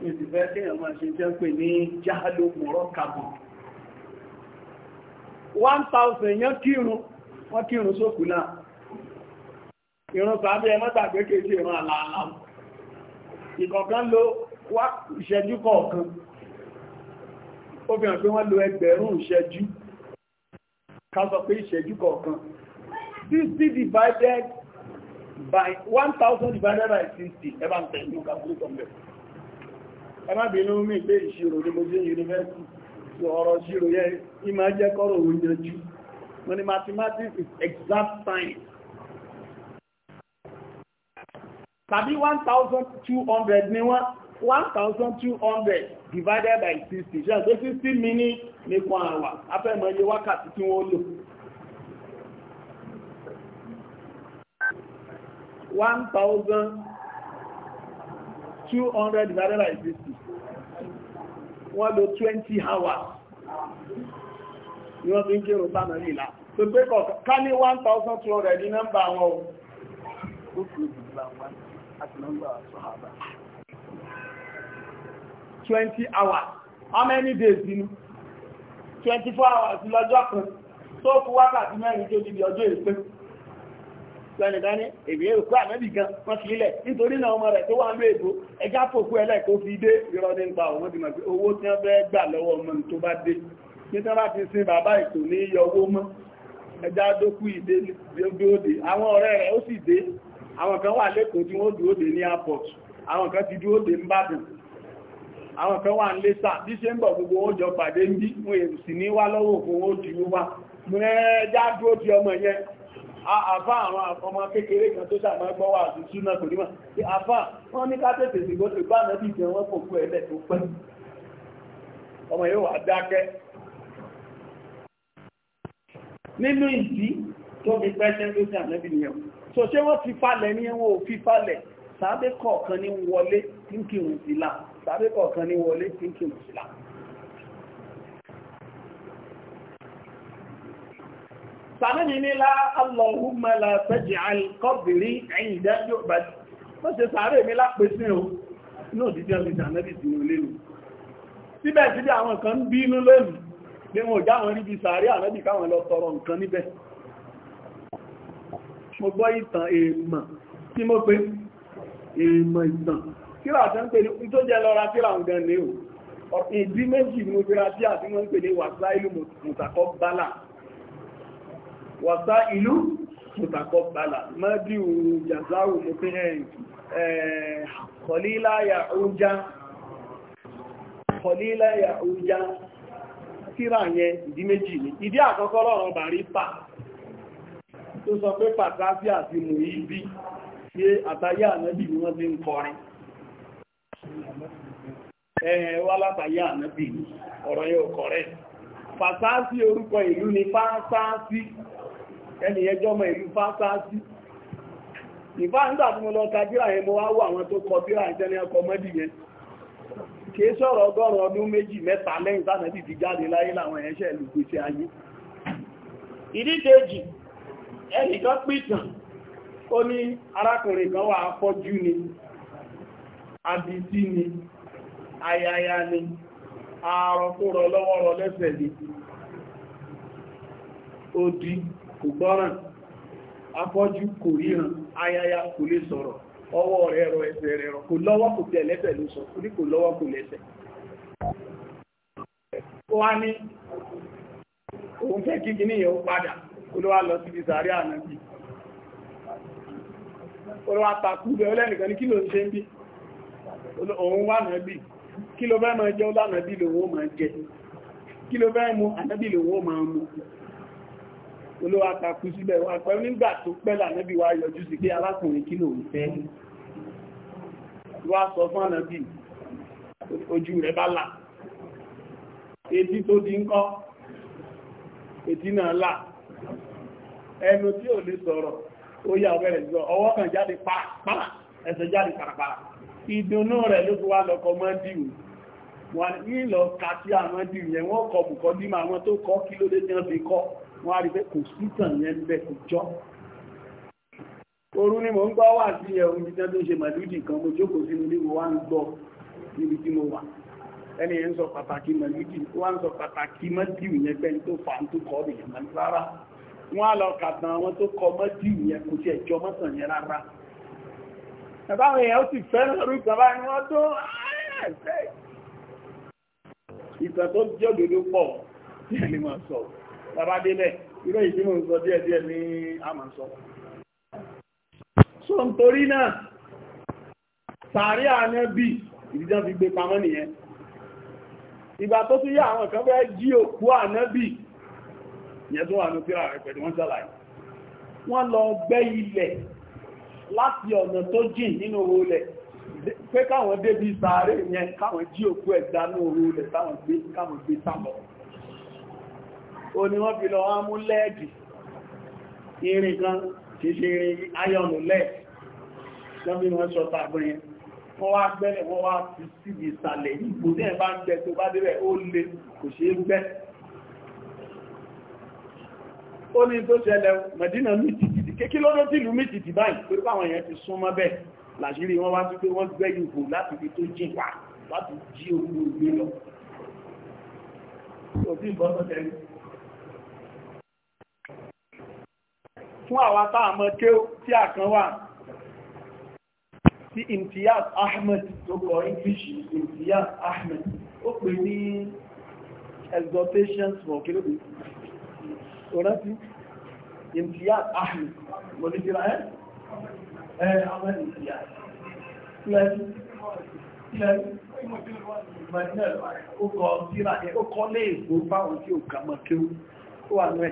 ní ìsìnfẹ́ tí ẹ̀mọ́ ṣe jẹ́ pé ní jáhálò mọ̀rọ̀ kàbọ̀ 1000 yẹn kírun wọ́n kírun sókù náà ìran sàábí ẹ mọ́ta gbékè sí ìran àlàálà ìkọ̀kan ló wá ìṣẹ́jú kọ̀ọ̀kan ó fi hàn pé wọ́n lo ẹgbẹ̀rún ìṣẹ́jú ká sọ pé ìṣẹ́jú kọ̀ọ̀kan 60 divided by 1000 divided by 60 ẹbá ń tẹ̀lú kàkúrúkọ̀ mẹ́ ẹ má bínú mí pé ìṣirò ní mo jẹ́ yunifásitì ọ̀rọ̀ ìṣirò yẹ ìmá jẹ́ kọ́rọ̀ òun yanjú wọ́n ní mathematics is exact science tàbí one thousand two hundred ní wọ́n one thousand two hundred divided by sixty ṣe àti sixty minutes nìkan àwà afẹ́mọ̀ iye wákàtí tí wọ́n lò. one thousand two hundred divided by sixty wọ́n lò twenty hours ni wọ́n fi ń kírun sánà nílà tó pé ká ní 1200 ní nọ́mbà wọn o ó fi ìdìbò àwọn àti nọ́mbà sọ́hábà 20 hours how many days nínú 24 hours lọ́jọ́ kan tó kú wákàtí mẹ́rin tó di ọjọ́ ìpín lẹ́nìkan ní èbí òkú àmẹ́bì gan wọ́n fi ilẹ̀ nítorí náà ọmọ rẹ̀ tó wà ní èbó ẹjá fòkú ẹlẹ́kọ́ fi dé ìrọ́ nípa òun ti mọ̀ pé owó tí wọ́n fẹ́ gbà lọ́wọ́ ọmọ tó bá dé nítorí bá ti sin bàbá ìkò ní yọwó mọ́ ẹjá dókú ìdé òde àwọn ọ̀rẹ́ rẹ̀ ó sì dé àwọn kan wà lẹ́kọ̀ọ́ tí wọ́n dúóde ní airport àwọn kan ti dúóde ń bàdàn àwọn kan wà ń lé sà bí ṣe ń bọ̀ gbogbo ó jọ pàdé ń bí wọ́n èrò sì ní wá lọ́wọ́ fún ó dìú wá mẹ́ẹ̀ẹ́já dúó ti ọmọ yẹn àfá àwọn ọmọ kékeré kan tó sàmọ́ ẹgbọ́ wà sí súnà kò nímọ̀ tí àfá wọ́n ní ká tètè sí gbọ́dọ̀ bá ìjẹun wọn kò kú ẹ̀lẹ́ tó pẹ́ ọmọ yóò wà dákẹ́ nínú ìdí tó fi pẹ́ṣẹ́ ló sí àmẹ́bì nìyàn so ṣé wọ́n fi falẹ̀ ní ẹwọ́n ò fi falẹ̀ sàábé kọ̀ọ̀kan ní wọlé tí ń kírun sílá sàábé kọ̀ọ̀kan ní wọlé tí ń kírun sílá sàmẹ́ni nílá Allahumma la taj'al qabri inda yu'bad wọ́n ṣe sàárè mi lápé sí o náà dídí ọ̀sìn àmẹ́bì sí ní olé nù síbẹ̀síbẹ̀ àwọn kan ń bínú lónìí pé wọn ò já wọn ríbi sàárì ànábì káwọn lọ tọrọ nǹkan níbẹ̀ mo gbọ́ ìtàn èèmọ̀ tí mo pé èèmọ̀ ìtàn kíra tẹ́ ń pè ní tó jẹ́ lọ́ra kíra ǹgan ní o ìdí méjì ni mo fi ra tí àti wọ́n ń pè ní wàsá ìlú mùtàkọ́ bálà wàsá ìlú mùtàkọ́ bálà mọ́dí òun jàzáwò mo fi hẹ́yìn kọ̀lílá yà ó já tíra yẹn ìdí méjì ni ìdí àkọ́kọ́ lọ́rọ̀ tó sọ pé pàtàkì àti mú ibi ṣe àtàyà ànábì ni wọ́n ti ń kọrin ẹ̀ẹ̀ wá látàyà ànábì ọ̀rọ̀ yóò kọ̀rẹ́ pàtàkì orúkọ ìlú ni fásáàsì ẹni jọmọ ìlú fásáàsì ìfáàǹdà yẹn wá wọ àwọn tó kọ ìtẹ́ni ọkọ̀ mọ́dì yẹn kìí sọ̀rọ̀ ọgọ́rùn ọdún méjì mẹ́ta lẹ́yìn tánàbí ti jáde láyé láwọn ẹ̀ṣẹ́ ìlú gbèsè ayé ìdíkejì ẹnìkan pìtàn ó ní arákùnrin kan wà ni abìtí ni ayaya ni ààrọ lọwọrọ lẹ́sẹ̀ ni odi kò gbọ́ràn afọ́jú kò ríran ayaya kò lè ọwọ́ rẹ̀ rọ ẹsẹ̀ rẹ̀ rọ kò lọ́wọ́ kò tẹ̀ lẹ́sẹ̀ ló sọ orí kò lọ́wọ́ kò lẹ́sẹ̀. ó wá ní òun fẹ́ kí kíní yẹn ó padà ó ló wá lọ síbi sàárẹ̀ ànábì ó ló wá bẹ́ẹ̀ ọlẹ́nìkan ní kí ló ń ṣe ń bí òun wà náà bì kí ló fẹ́ máa jẹ́ ó lánàá bí lòun ó máa jẹ kí ló fẹ́ mu ànábì lòun ó máa mu olówó takú síbẹ̀ wọn pẹ́ nígbà tó pẹ́ lànẹ́bí wá yọjú sí pé alákùnrin kí ló ń fẹ́ wá sọ fún ànàbí ojú rẹ̀ bá là etí tó di ń kọ́ etí náà là ẹnu tí ò lè sọ̀rọ̀ ó yà ọ̀bẹ̀rẹ̀ jọ ọwọ́ kan jáde pàràpàrà ẹsẹ̀ jáde pàràpàrà ìdùnnú rẹ̀ ló fi wá lọ́kọ mọ́ dìú wọ́n ní lọ kàtí àwọn dìú yẹn wọ́n kọ bùkọ́ dìmọ̀ àwọn tó kọ́ kí ló dé tí wọ́n fi kọ́ wọ́n á rí pé kò sí tàn yẹn bẹ́ kò jọ́ orú ni mo ń gbọ́ wà sí ẹ̀hùn jíjẹ́ tó ń ṣe màlúdì kan mo jókòó sínú ní mo wá ń gbọ́ níbi tí mo wà ẹni yẹn ń sọ pàtàkì màlúdì ó wá ń sọ pàtàkì mọ́tíù yẹn pẹ́ tó fà ń tó kọ́ ọ́ nìyẹn màlúdì rárá wọ́n á lọ kàtàn àwọn tó kọ mọ́tíù yẹn kò tiẹ̀ jọ mọ́tàn yẹn rárá ẹ̀báwọn èèyàn ó sì fẹ́ràn orú ìtàn wọ́n tó ah, ìtàn tó jẹ́ bàbá délẹ̀ irọ́ ìdí mò ń sọ díẹ̀ díẹ̀ ní àmàsọ so nítorí náà sàárì ànábì ìdíjọ́ fi gbé pamọ́ nìyẹn ìgbà tó tún yá àwọn kan fẹ́ jí òkú ànábì yẹn tó wà ní pírà rẹ̀ pẹ̀lú wọ́n sàlàyé wọ́n lọ gbẹ́ ilẹ̀ láti ọ̀nà tó jìn nínú owó lẹ̀ pé káwọn débi sàárè yẹn káwọn jí òkú ẹ̀dánú owó lẹ̀ táwọn gbé sábọ̀ o ni wọ́n fi lọ wá mú lẹ́ẹ̀dì irin kan ti ṣe irin ayọ̀nù lẹ́ẹ̀dì lọ́bí wọ́n sọ tàbírin wọ́n wá gbẹ́lẹ̀ wọ́n wá fi síbi ìsàlẹ̀ ìpò tí ẹ̀ bá ń gbẹ tó bá débẹ̀ ó lè kò ṣe é gbẹ́ ó ní tó ṣẹlẹ̀ Mẹ̀dínà mítìtì kékí lọ́dọ́ tí ìlú mítìtì báyìí pé báwọn èèyàn ti súnmọ́ bẹ́ẹ̀ làṣírí wọ́n wá sí pé wọ́n gbẹ́ ìhò láti fi tó jí wà láti jí ogun ìgbé lọ fún àwa tá àmọ́ kí ó tí àkan wà tí Imtiaz Ahmed tó kọ English Imtiaz Ahmed ó pè ní exhortations for kílódé orántí Imtiaz Ahmed mọ̀lẹ́dìrá ẹ́ ẹ́ àwọn Imtiaz lẹ́nu lẹ́nu ó kọ síra ẹ̀ ó kọ lé ìgbó báwọn tí ó kà mọ́ kí ó wà náà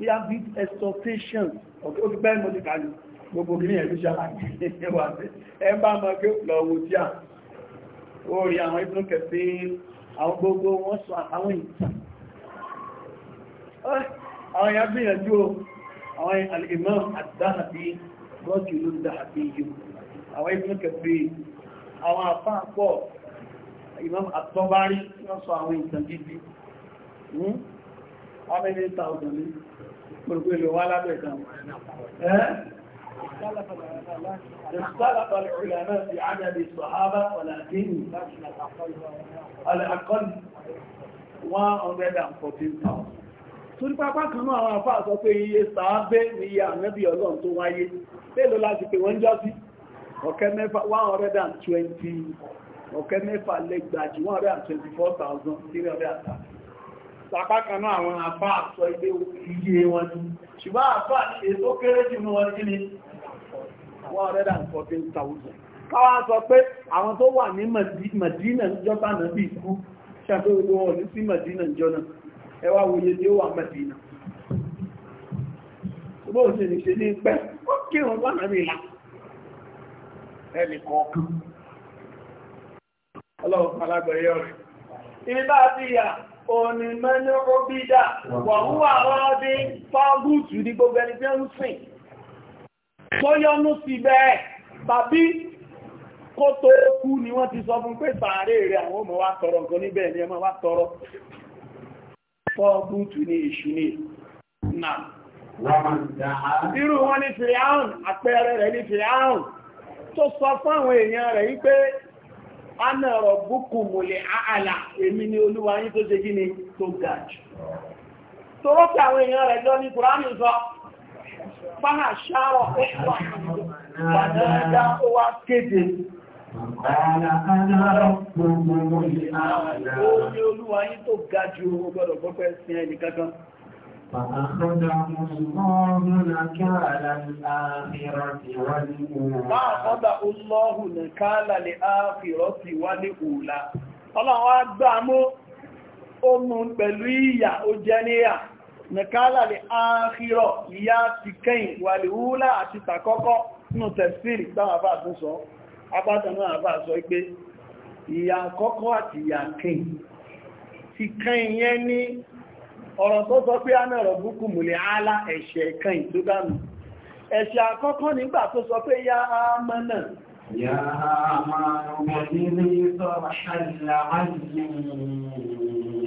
we have big exhortation ọ̀tọ́ ti bẹ́ẹ̀ mọ́ ti kà ní gbogbo kìí ẹ̀lú ṣàlàyé ẹwà ẹ bá mọ́ kí ó lọ wo tí à orí àwọn ìbùn kẹfẹ́ àwọn gbogbo wọ́n sọ àwọn ìtàn àwọn ya gbìyànjú àwọn alìmọ́ àdáhàbí gọ́ọ̀kì ló dáhàbí yìí àwọn ìbùn kẹfẹ́ àwọn àfáàpọ̀ ìmọ́ àtọ́bárí wọ́n sọ àwọn ìtàn gidi 1,000 hmm? gbogbo èlò wá lábẹ́ ìtàn اختلف العلماء في عدد الصحابة ولكن الأقل 114,000 torí pápá kan náà àwọn àfáà sọ pé iye sàábé ní iye ànábì ọlọ́run tó wáyé pèlò láti pè wọ́n jọ sí ọ̀kẹ́ mẹ́fà 120 ọ̀kẹ́ mẹ́fà lẹ́gbàájì 124,330 sàpákanú àwọn àfá àṣọ ilé iye wọn ni ṣùgbọ́n àfá ètò kéré jù ní wọn kí ni 114,000 káwà sọ pé àwọn tó wà ní Mẹ̀dínà jọta náà bí ikú ṣàpé gbogbo wọn ní sí Mẹ̀dínà jọna ẹwà wòye tí ó wà Mẹ̀dínà ṣùgbọ́n òṣèlú ṣe ní pẹ́ ó kírun lọ́nà mi là ẹnìkọ̀ọ̀kan ọlọ́run alágbẹ̀yẹ rẹ̀ ibi bá ti yà onímọ̀nà obi wọ̀húwà ọdí fágùtù ní gbogbo ẹni tí ó ń sìn tó yọnú sí bẹ́ẹ̀ tàbí kó tó kú ni wọ́n ti sọ fún pé sàárè rẹ̀ àwọn ọmọ wa tọrọ nǹkan níbẹ̀ ni ẹmọ wa tọrọ fágùtù ní ìṣù ni nà wọn ní fìyàhùn àpẹẹrẹ rẹ̀ ní tó sọ fún àwọn èèyàn rẹ̀ wípé ana rabbukum al-a'la èmi ni olúwa yín tó ṣe kí ni tó ga jù tọ́rọ tí àwọn èèyàn rẹ̀ lọ ní kùránì sọ fáhà ṣáwọ̀ pàdánádá ó wá kéde فأخذهم الله نكال الآخرة والأولى فأخذه الله نكال الآخرة والأولى Ọlọ́run wá gbá mú ohun pẹ̀lú ìyà ó jẹ níyà, nìkálà lè áàkírọ̀ ìyá ti kẹ́yìn wà lè húlá àti tàkọ́kọ́ nínú tẹ̀sírì táwọn àbá tún sọ, abátànú àbá sọ pé ìyà àkọ́kọ́ àti ìyà kẹ́yìn. Ti kẹ́yìn ọ̀rọ̀ tó sọ pé ánàrọ̀ búkú múlẹ̀ àálá ẹ̀ṣẹ̀ kan ìtúdánù ẹ̀ṣẹ̀ àkọ́kọ́ nígbà tó sọ pé yá mọ́nà yá mọ́nà mọ́dí ní sọ́rọ̀ ṣàlẹ̀ àìyí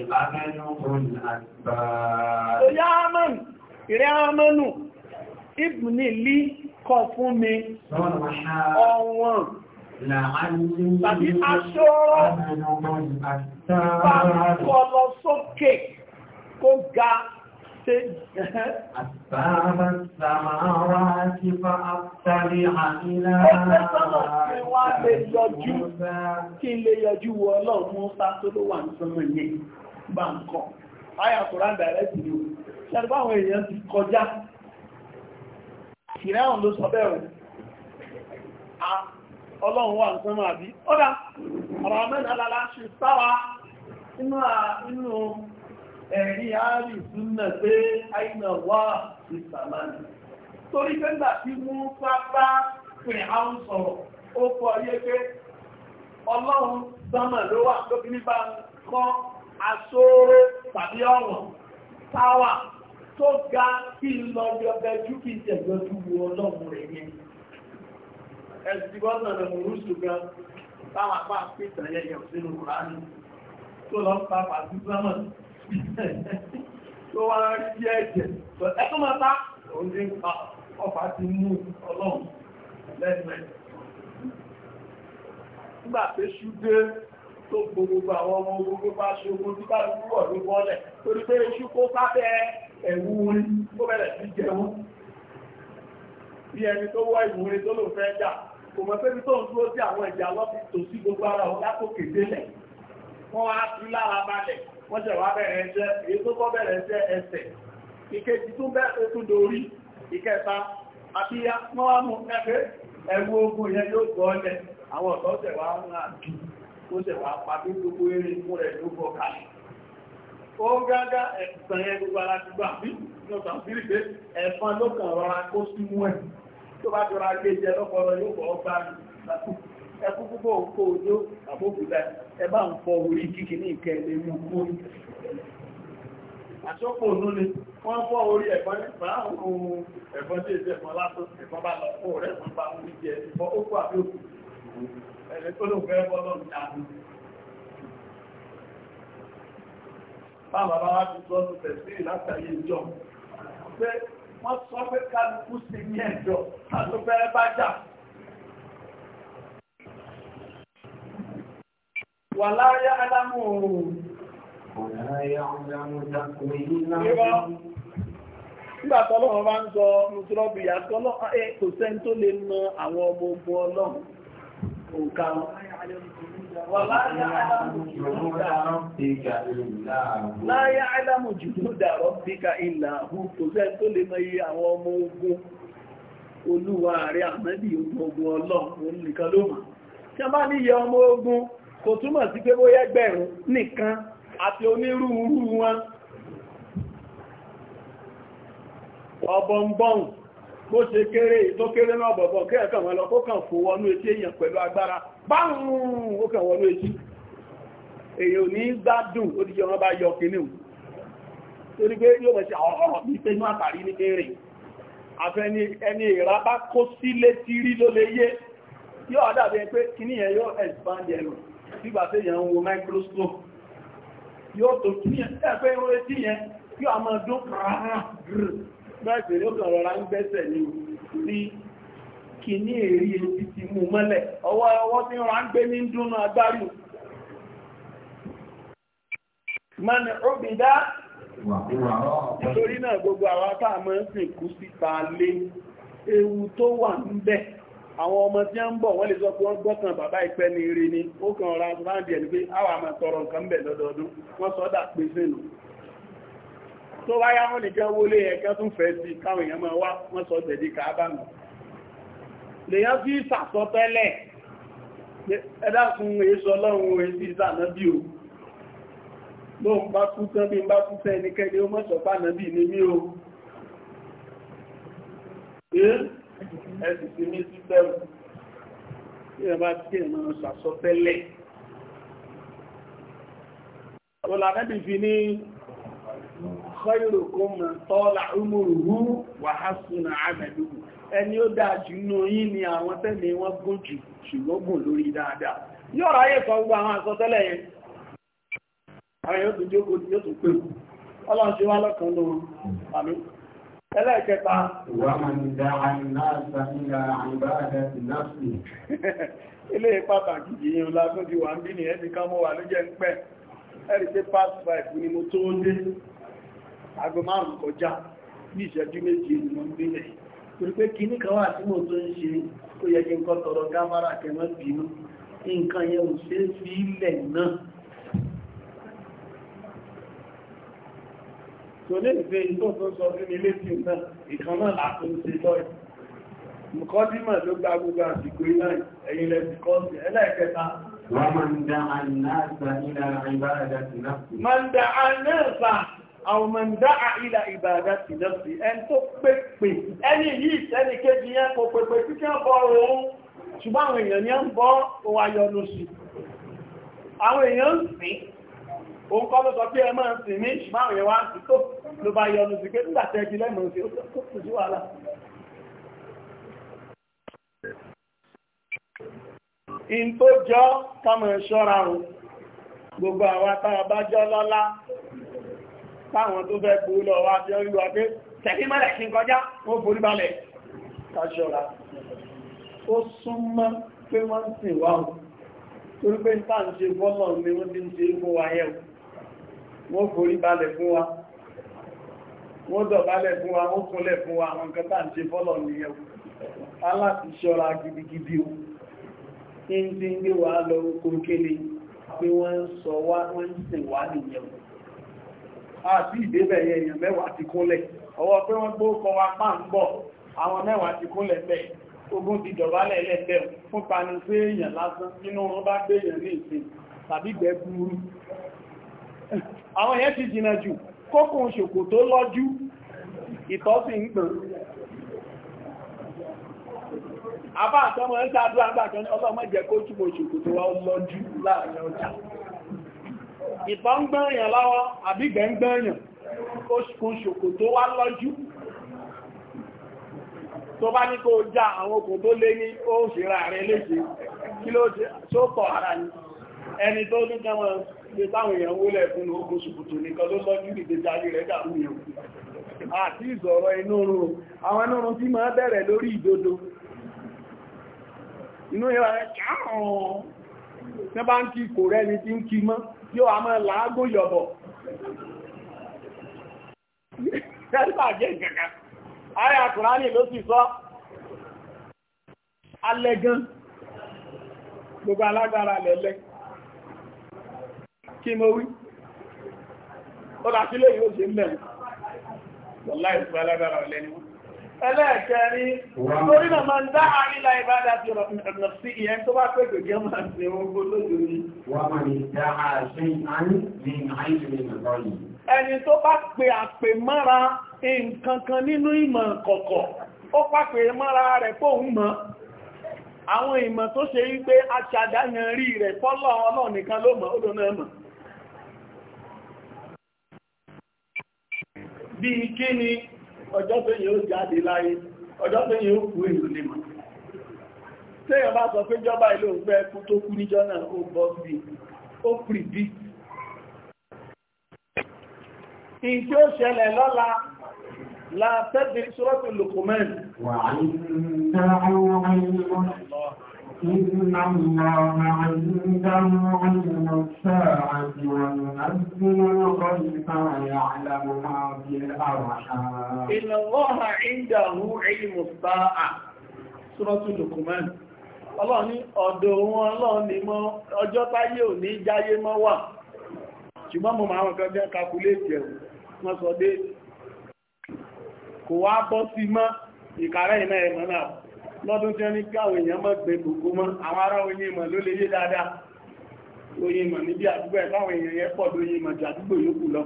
ìbámẹ́nùkùn àgbà yá mọ́nà ìrẹ́ lọ sókè kó ga ṣe Àtàrà sàmàwà ti fa àtàrí àìlà. Ẹgbẹ́ sọ́nà tí wá lè yọjú, kí lè yọjú wọ ọlọ́run mú sá tó ló wà ní sọ́nà yẹn bá ń kọ́. Ayà Kùrán dàrẹ́sì ni ó. Ṣẹ́rùbá àwọn èèyàn ti kọjá. Ìrẹ́hùn ló sọ bẹ́ẹ̀ Ọlọ́run wà sánmà àbí. Ó dá, ọ̀rọ̀ mẹ́rin alálá ṣe sáwà inú ẹ̀rí àárí súnà pé àìnà wà ìsàmánì torí pé nígbà tí mú pápá pè á ń sọ̀rọ̀ ó kọ ayé pé ọlọ́run sánmà ló wà lóbi nípa kọ́ aṣóóró tàbí ọ̀wọ̀n táwà tó ga kí n lọ yọbẹ jú kí n tẹ̀gbẹ́jú wo ọlọ́run rẹ̀ yẹn ẹ̀sìn gbọ́dọ̀ tó wá rí ẹ̀jẹ̀ ẹ̀tọ́ máa bá òun ọfà ti mú ọlọ́run lẹ́gbẹ̀ẹ́ nígbà tó ṣúgbé tó gbogbo àwọn ọmọ gbogbo bá ṣogun tí bá rúwọ̀ ló bọ́lẹ̀ torí pé iṣu kó sábẹ́ ẹ̀wù orin tó bẹ̀rẹ̀ sí jẹun bí ẹni tó wọ́ ìwò orin tó lò fẹ́ jà kò mọ̀ pé tó ń dúró sí àwọn ìjà lọ́fi tòsí gbogbo ara wọn látòkè délẹ̀ wọ́n á fi lára balẹ̀ wọ́n ṣẹ̀wà bẹ̀rẹ̀ ẹ̀ṣẹ́ èyí tó kọ́ bẹ̀rẹ̀ ẹ̀ṣẹ́ ẹsẹ̀ ìkejì tó bẹ̀rẹ̀ tó dorí ìkẹta àti ya wọ́n wá mú ẹgbẹ́ ẹgbẹ́ ogun yẹn yóò gọ́ ọlẹ̀ àwọn ọ̀tọ́ ṣẹ̀wà ń rà jù ó ṣẹ̀wà pàdé gbogbo eré mú rẹ̀ ló bọ̀ kalẹ̀ ó gágá ẹ̀sàn yẹn gbogbo ara ti gbà bí ní ọ̀sán sílì pé ẹ̀fọn ló kàn rọra kó sí mú ẹ̀ tó bá jọra gbé jẹ lọ́pọ̀lọ́ ẹkú púpọ̀ òkú ojó àbókúta ẹ bá ń fọ orí kíkì ní ìkẹ́ ilé mú kú àṣọ́pọ̀ ònú ni wọ́n fọ́ orí ẹ̀fọn nípa àwọn ohun ẹ̀fọn tí èsì ẹ̀fọn lásán ẹ̀fọn bá lọ fún ọ̀rẹ́ ẹ̀fọn bá ń jẹ ẹ̀fọn ó kú àbí òkú ẹ̀rẹ́ tó ló fẹ́ bọ́ lọ́nà ìyàwó bá bàbá wá ti sọ ọ́nù tẹ̀sí látàrí ìjọ pé wọ́n sọ wàlá yá alámù òòrùn Nígbà tọ́lọ́wọ́ bá ń sọ Mùsùlọ́bì yàtọ́ lọ́pàá ẹ kò sẹ́ni tó lè mọ àwọn ọmọ ogun ọlọ́run òǹkà wọn. Láyá Ádámù ìlà kò tó lè mọ iye àwọn ọmọ ogun olúwa ogun ọlọ́run nìkan ló kò túmọ̀ sí pé bóyá ẹgbẹ̀rún nìkan àti onírúurú wọn ọ̀bọ̀nbọ̀n bó ṣe kéré tó kéré náà bọ̀bọ̀ kí ẹ̀kàn wọn lọ kó kàn fò wọnú etí èèyàn pẹ̀lú agbára báhùn ó kàn wọnú etí èèyàn ní gbádùn ó díjọ wọn bá yọ kìnnìún torí pé yóò mọ̀ sí ọ̀rọ̀ ní pé ní àtàrí ní eré àfẹ́ni ẹni ìrà bá kó sílé tírí ló lè yé yóò dàbí pé kìnnìyàn yóò expand ẹnu sígbà tí èèyàn ń wo microscope yóò tó kí yẹn tẹ́ẹ̀fẹ́ irun etí yẹn kí a máa dún rárá bẹ́ẹ̀sẹ̀ ló kàn rọra ń gbẹ́sẹ̀ ní sí kì ní èrí etí ti mú mọ́lẹ̀ ọwọ́ ọwọ́ tí wọ́n ń gbé ní dúnú agbárí ewu tó wà ń àwọn ọmọ tí a ń bọ̀ wọ́n lè sọ pé wọ́n gbọ́kàn bàbá ìpẹ́ ní eré ni ó kàn ọ̀rọ̀ àtúráǹdì ẹni pé àwọn àmà tọrọ nǹkan bẹ̀ lọ́dọọdún wọ́n sọ́dà pé sínú tó wáyá wọ́n nìkan wọlé ẹ̀kẹ́ tún fẹ́ sí káwọn èèyàn máa wá wọ́n sọ tẹ̀dí kàábàmù lèyàn fi sàsọ tẹ́lẹ̀ ẹ̀dàkùn èso ọlọ́run èsì ìsànà bí o ló ń bá kú tán bí ń bá kú tẹ́ ẹnikẹ́ni ó mọ́sọ̀pá náà bí ní ẹ̀sì sí ní sísẹ́rù tí ẹ bá tí ẹ̀ máa ṣàsọtẹ́lẹ̀ ọlọ́lẹ́bì fi ní khairukum man tala umuruhu wa hasuna amaluhu ẹni ó dáa jù nínú yín ni àwọn tẹ́mi wọ́n gùn jù ṣùgbọ́n gùn lórí dáadáa yóò ráyè sọ gbogbo àwọn àsọtẹ́lẹ̀ yẹn àwọn yóò tún jókòó yóò tún pè ọlọ́run ṣe wá lọ́kàn lóhun ẹlẹ́ẹ̀kẹta <laughs> ilé pàtàkì yìí lágún ti wà ń bí ní ẹni ká mọ́ wà ló jẹ́ ń pẹ́ ẹ̀rì pé past five ni mo tó ń dé aago márùn-ún kọjá ní ìṣẹ́jú méjì ni mo ń bí lẹ̀ torí pé kí ní kan wà tí mo tó ń ṣe ó yẹ kí n kọ́ tọrọ gámárà kẹ́mọ́ bínú kò lè fẹ́ tó tó sọ sí ní ilé tí náà ìkan náà látò ń ṣe lọ́ẹ̀ mùkọ́dímọ̀ ló gba gbogbo àsìkò iná ẹ̀yìn lẹ́sì kọ́sì ẹlẹ́ẹ̀kẹta wọ́n máa ń dá àìnáàsà ilẹ̀ ìbáradà sí náà máa ń dá àìnáàsà àwọn àwọn èèyàn ń bọ́ òun ayọ̀nù sí àwọn èèyàn ń sìn òun ló bá yọnu sí pé nígbà tẹ́jú lẹ́mọ̀ sí ó kò sí wàhálà in tó jọ kámọ̀ ṣọ́ra o gbogbo àwọn táwọn bá jọ lọ́lá táwọn tó fẹ́ gbó lọ wá tí ó rí wa pé tẹ̀kí mọ́lẹ̀ kí n kọjá wọ́n forí balẹ̀ ká ó súnmọ́ pé wọ́n sì wá o torí pé ń tà ṣe bọ́lọ̀ ni wọ́n ti ń ṣe é fún wa yẹ̀ wọ́n forí balẹ̀ fún wa wọ́n dọ̀bálẹ̀ fún wa wọ́n kúnlẹ̀ fún wa àwọn nǹkan tàà ń ṣe fọ́lọ̀ nìyẹn aláti ṣọ́ra gidigidi o ń tí ń gbé wa lọ kòkèlè pé wọ́n sọ wá wọ́n ń sìn wá nìyẹn àti ìdébẹ̀ yẹn mẹ́wàá ti kúnlẹ̀ ọwọ́ pé wọ́n gbó kọ wa pà ń bọ̀ àwọn mẹ́wàá ti kúnlẹ̀ bẹ́ẹ̀ ogun ti dọ̀bálẹ̀ lẹ́gbẹ̀ fún pani sí èèyàn lásán nínú wọn bá gbé èèyàn ní ìsìn tàbí gbẹ gbúrú àwọn yẹn ti jìnnà jù kókùn ṣòkò tó lọ́jú ìtọ́sí ń pè àbá àtọ́mọ̀ ń sáájú àgbàkan ọlọ́mọ jẹ́ kó túnmọ̀ ṣòkò tó wá lọ́jú láàrin ọjà ìtọ́ ń gbẹ̀yàn lọ́wọ́ àbígbẹ̀ ń gbẹ̀yàn kókùn ṣòkò tó wá lọ́jú pé táwọn èèyàn wólẹ̀ fún ogun ṣùgbùtù nìkan ló lọ́jú ìgbéjáyé rẹ̀ dàrú yẹn àti ìzọ̀rọ̀ inú oorun àwọn inú tí máa bẹ̀rẹ̀ lórí ìdodo inú ìwà rẹ̀ káàrùn-ún tí kí a ló sì gbogbo kí mo wí ó dá sílé yóò ṣe ń bẹ̀rẹ̀ lọ́lá ìfẹ́ alágbára ọ̀lẹ́ni wọn ẹlẹ́ẹ̀kẹrin torí náà máa ń dá àrílà ìbádá ti ọ̀nà sí ìyẹn tó bá pẹ́ gẹ̀gẹ́ máa ṣe ogun lójú ní wọ́n máa ní dá àṣẹ ìhání ní àìsílẹ̀ ìrọ̀ yìí ẹni tó bá pe àpè mọ́ra nǹkan nínú ìmọ̀ kọ̀kọ̀ ó pàpè mọ́ra rẹ̀ fóun mọ́ àwọn ìmọ̀ tó ṣe wípé aṣàdáyàn rí rẹ̀ fọ́lọ́ ọlọ́nìkan ló mọ̀ ó lónà mọ̀ bí i kí ni ọjọ́ tó yìí ó jáde láyé ọjọ́ tó yìí ó kú èlò lè mọ̀ tí èyàn bá sọ pé jọba ilé òun fẹ́ kú tó kú níjọ́ náà ó bọ́ sí ó pìdí ìtí ó ṣẹlẹ̀ lọ́la la tẹ́bí sọ́rọ̀tù Luqman إن الله عنده علم الساعة وينزل الغيث ويعلم ما Ọlọ́run ní ọ̀dọ̀ wọn Ọlọ́run ní mọ̀ ọjọ́ táyé ò ní jáyé mọ́ wà. Ṣùgbọ́n máa wọn kan wọ́n sọ dé, kò wá bọ́ sí mọ́, ìkàrẹ́ ìná ẹ̀mọ́ náà. lọ́dún tí ó ní káwẹ̀ èèyàn mọ́ gbé kòkó mọ́ àwọn ará oyin ìmọ̀ ló lè yé dáadáa oyin ìmọ̀ níbi àdúgbò ẹ̀ káwọn èèyàn yẹn pọ̀ lóyin ìmọ̀ jù àdúgbò lọ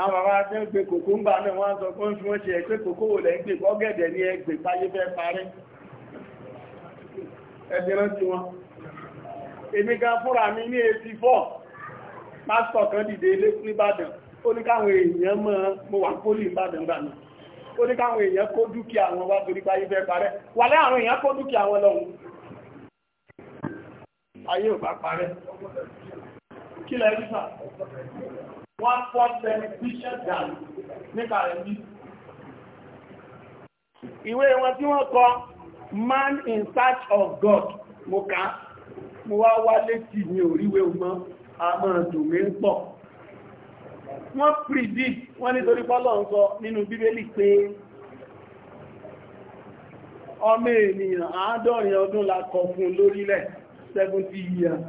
àwọn bàbá tẹ́ ń gbé kòkó ń bà náà wọ́n sọ wọ́n ṣe kòkó wò lẹ́ gbé ní táyé fẹ́ parí ẹgbẹ́ wọn èmi gan èèyàn mọ́ ó ní káwọn èèyàn kó dúkìá wọn wá torí báyé fẹ́ parẹ́ wà lẹ́ àwọn èèyàn kó dúkìá wọn lọ́hùn ayé ò bá parẹ́ kí lẹ́ rí sà wọ́n fọ́ tẹlifíṣẹ̀ dànù nípa rẹ̀ bí ìwé wọn tí wọ́n kọ man in search of God mo kà mo wá wá létí mi ò ríwé mọ́ àmọ́ ọ̀dùn mi ń pọ̀ wọ́n predict wọ́n ní pọ́lọ̀ ń nínú bíbélì pé ọmọ ènìyàn àádọ́rin ọdún la kọ fún lórílẹ̀ 70 years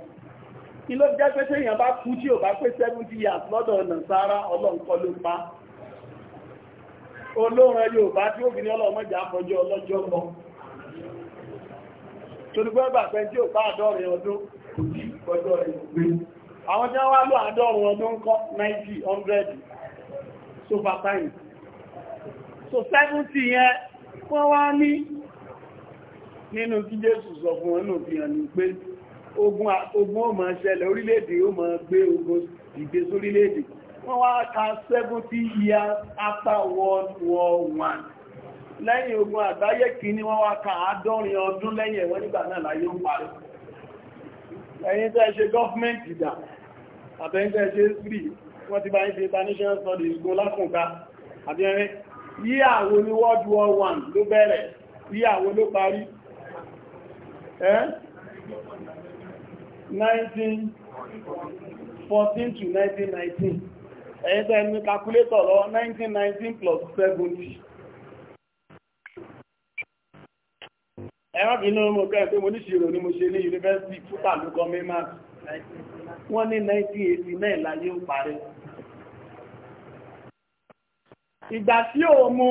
kí ló jẹ́ pé tẹ́yàn bá kú tí ò bá pé 70 years lọ́dọ̀ ọ̀nà sára pa olóòrùn yóò bá tí ó fi ní àwọn tí wọ́n wá lọ àádọ́rùn ọdún kọ́ 90 100 so far so 70 yẹn wọ́n wá ní nínú kí Jésù sọ fún wọn náà fi hàn ní pé ogun ogun ó máa ṣẹlẹ̀ orílẹ̀-èdè ó máa gbé ogun ìgbé sórílẹ̀-èdè wọ́n wá ka 70 years after World War One lẹ́yìn ogun àgbáyé kìíní wọ́n wá ka àádọ́rin ọdún lẹ́yìn ẹ̀wọ́n nígbà náà láyé ń parí ẹ̀yin tẹ́ ṣe gọ́ọ̀mẹ́ntì dà àtẹ́ńtẹ́ ṣe rí wọ́n ti bá ń ṣe international studies go lákùnká àti ẹ̀rin yíàwó ní world war one ló bẹ̀rẹ̀ yíàwó ló parí ẹ́ 1914 to 1919 ẹ̀yìn tẹ́ ní calculator lọ 1919 plus 70 ẹ̀rọ bínú mo kẹ́ pé mo níṣirò ni mo ṣe ní university púpà ló kọ́ wọ́n ní 1989 láyé ó parí ìgbà tí ò mú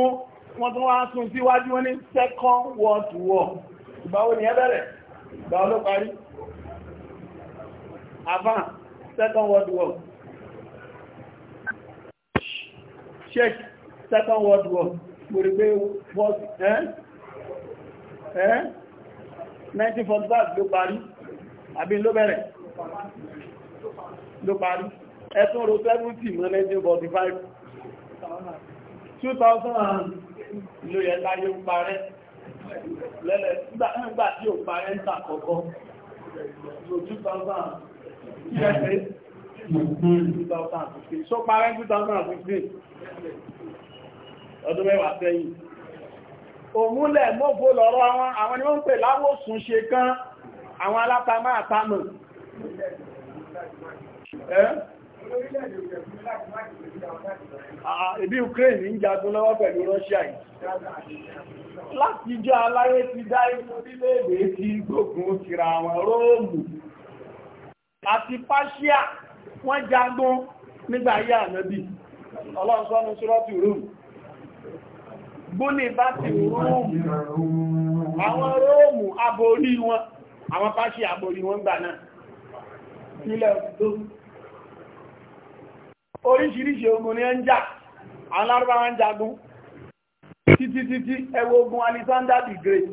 wọ́n tún wá sún síwájú wọ́n ní second world war ìgbà wo ni ẹ bẹ̀rẹ̀ ìgbà wo ló parí avant second world war check second world war mo rí pé first eh eh 1945 ló parí àbí ló bẹ̀rẹ̀ ló parí ẹ̀tún ro 70 mọ́ 1945 2000 ló yẹ láyé ń parẹ́ lẹ́lẹ̀ nígbà tí ò parẹ́ ń tàkọ́kọ́ ló 2000 kí ẹ̀ẹ́ 2015 só parẹ́ 2015 ọdún mẹ́wàá sẹ́yìn òmúlẹ̀ mọ́bò lọ́rọ̀ àwọn ni wọ́n ń pè láwọ́sùn ṣe kán àwọn alátamá àtamọ̀ Eh? Ah, ah, ebi Ukraine ń jagun lọ́wọ́ pẹ̀lú Russia yìí. Láti jọ aláyé ti dá inú orílẹ̀-èdè ti gbogbo tìra àwọn Róòmù. Àti Páṣíà wọ́n jagun nígbà ayé ànábì. Ọlọ́nsọ́nu Ṣúrọ́tù Róòmù. Gbóní bá ti Róòmù. Àwọn Róòmù aborí wọn, àwọn Páṣíà aborí wọn gbà náà. nílẹ̀ òtútó oríṣiríṣi ogun ni ẹ ń jà àwọn lárúbáwá ń jagun títí títí ẹ wo ogun Alexander the Great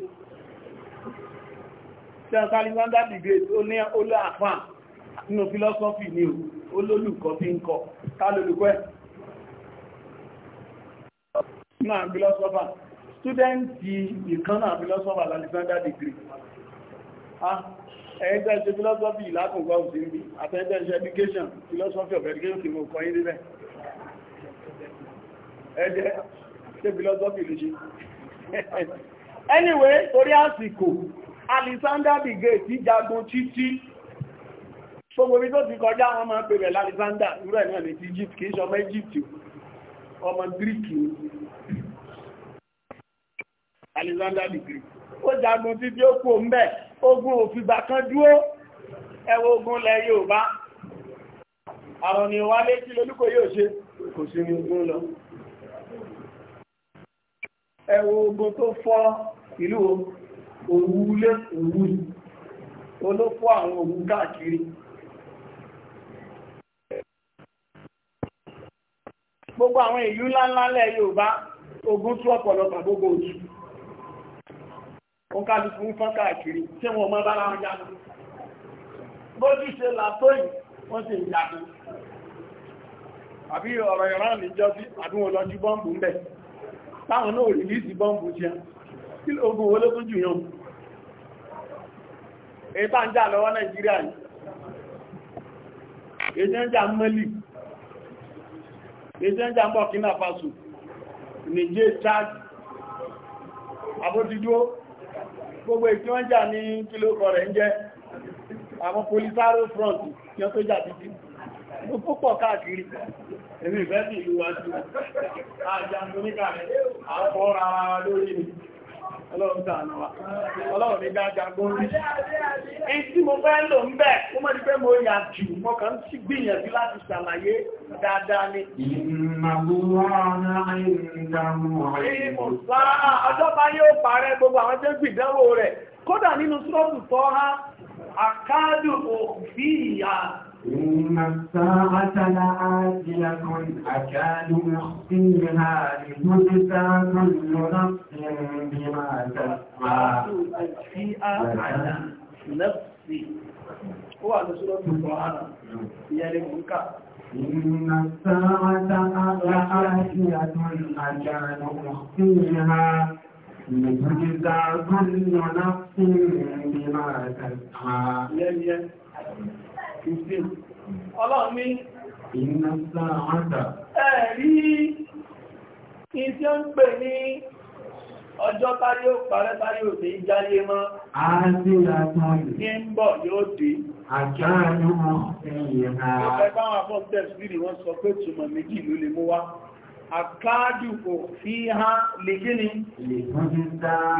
sẹ́ǹsì Alexander the Great ó ní olú àfà nínú fílọ́sọ́fì ni olólùkọ́ tí ń kọ ká lólùkọ́ ẹ̀ náà fílọ́sọ́fà stúdẹ́ǹtì ìkan náà fílọ́sọ́fà Alexander the Great ah, ẹ̀yẹ́gbẹ́ ṣe philosophy ìlàkùnkọ́ sí ń bí àtẹ́gbẹ́ ṣe education philosophy of education kí mo kọ́ yí níbẹ̀ ẹ̀jẹ́ ṣe philosophy lè ṣe anyway torí àsìkò Alexander the Great ti jagun títí gbogbo ibi tó ti kọjá wọn máa ń pè rẹ̀ Alexander irú ẹ̀ náà ní ti Egypt kìí ṣe ọmọ Egypt ọmọ Greek ni Alexander the Great ó jagun títí ó kú òun bẹ́ẹ̀ ogun òfìgbà kan dúró ẹwọ ogun lẹ Yorùbá àwọn ni wá létí lolúkọ yóò ṣe kò sí ní ogun lọ ẹwọ ogun tó fọ́ ìlú òwúlé òwú olófọ́ àwọn ogun káàkiri gbogbo àwọn ìlú ńláńlá lẹ Yorùbá ogun tú ọ̀pọ̀lọpọ̀ gbogbo òtù wọ́n kálùkù ń fọ́n káàkiri tí wọ́n mọ́ bára wọn jáde bójú ṣe làtóyìn wọ́n ti ìyàtọ̀ àbí ọ̀rọ̀ ìran níjọ́ sí àbí wọn lọ ju bọ́m̀bù ń bẹ̀ táwọn náà rìlíìsì bọ́m̀bù jẹ́ kí ogun owó ló tún jù yàn èyí tá ń jà lọ́wọ́ nàìjíríà yìí èyí ń jà mẹ́lì èyí ń jà Burkina Faso nìjẹ́ Chad abójúdúó gbogbo ìtí wọ́n jà ní kílókọ rẹ̀ ń jẹ́ àwọn Polisario front kí wọ́n tó jà títí púpọ̀ káàkiri èmi ìfẹ́ sí ìlú wa sí àjàndóníkà rẹ̀ àpọ̀ ara lórí ọlọ́run tààna wa ọlọ́run ní dáadáa gbọ́n rí èyí tí mo fẹ́ lò ń bẹ̀ ó mọ́ ní pé mo yà jù mọ́ kàn sí gbìyànjú láti ṣàlàyé dáadáa ni ọjọ́bá yóò parẹ́ gbogbo àwọn tó gbìdánwò rẹ̀ kódà nínú sọ́ọ̀tù tọ́ ha àkádù òfin ìyá إن الساعة لآتية أكاد أخفيها لتجزى كل نفس بما تسعى على نفسي هو على سورة القرآن إن الساعة لآتية أكاد أخفيها لتجزى كل نفس بما تسعى 15 hmm. ọlọ́run ní iná sáàmátà ẹ̀rí kí ń pè ní ọjọ́ táyé ò parẹ́ táyé ò sí jáyé mọ́ ààrẹ àtàrí ní ń bọ̀ yóò fi há lè gíní lè fún dáa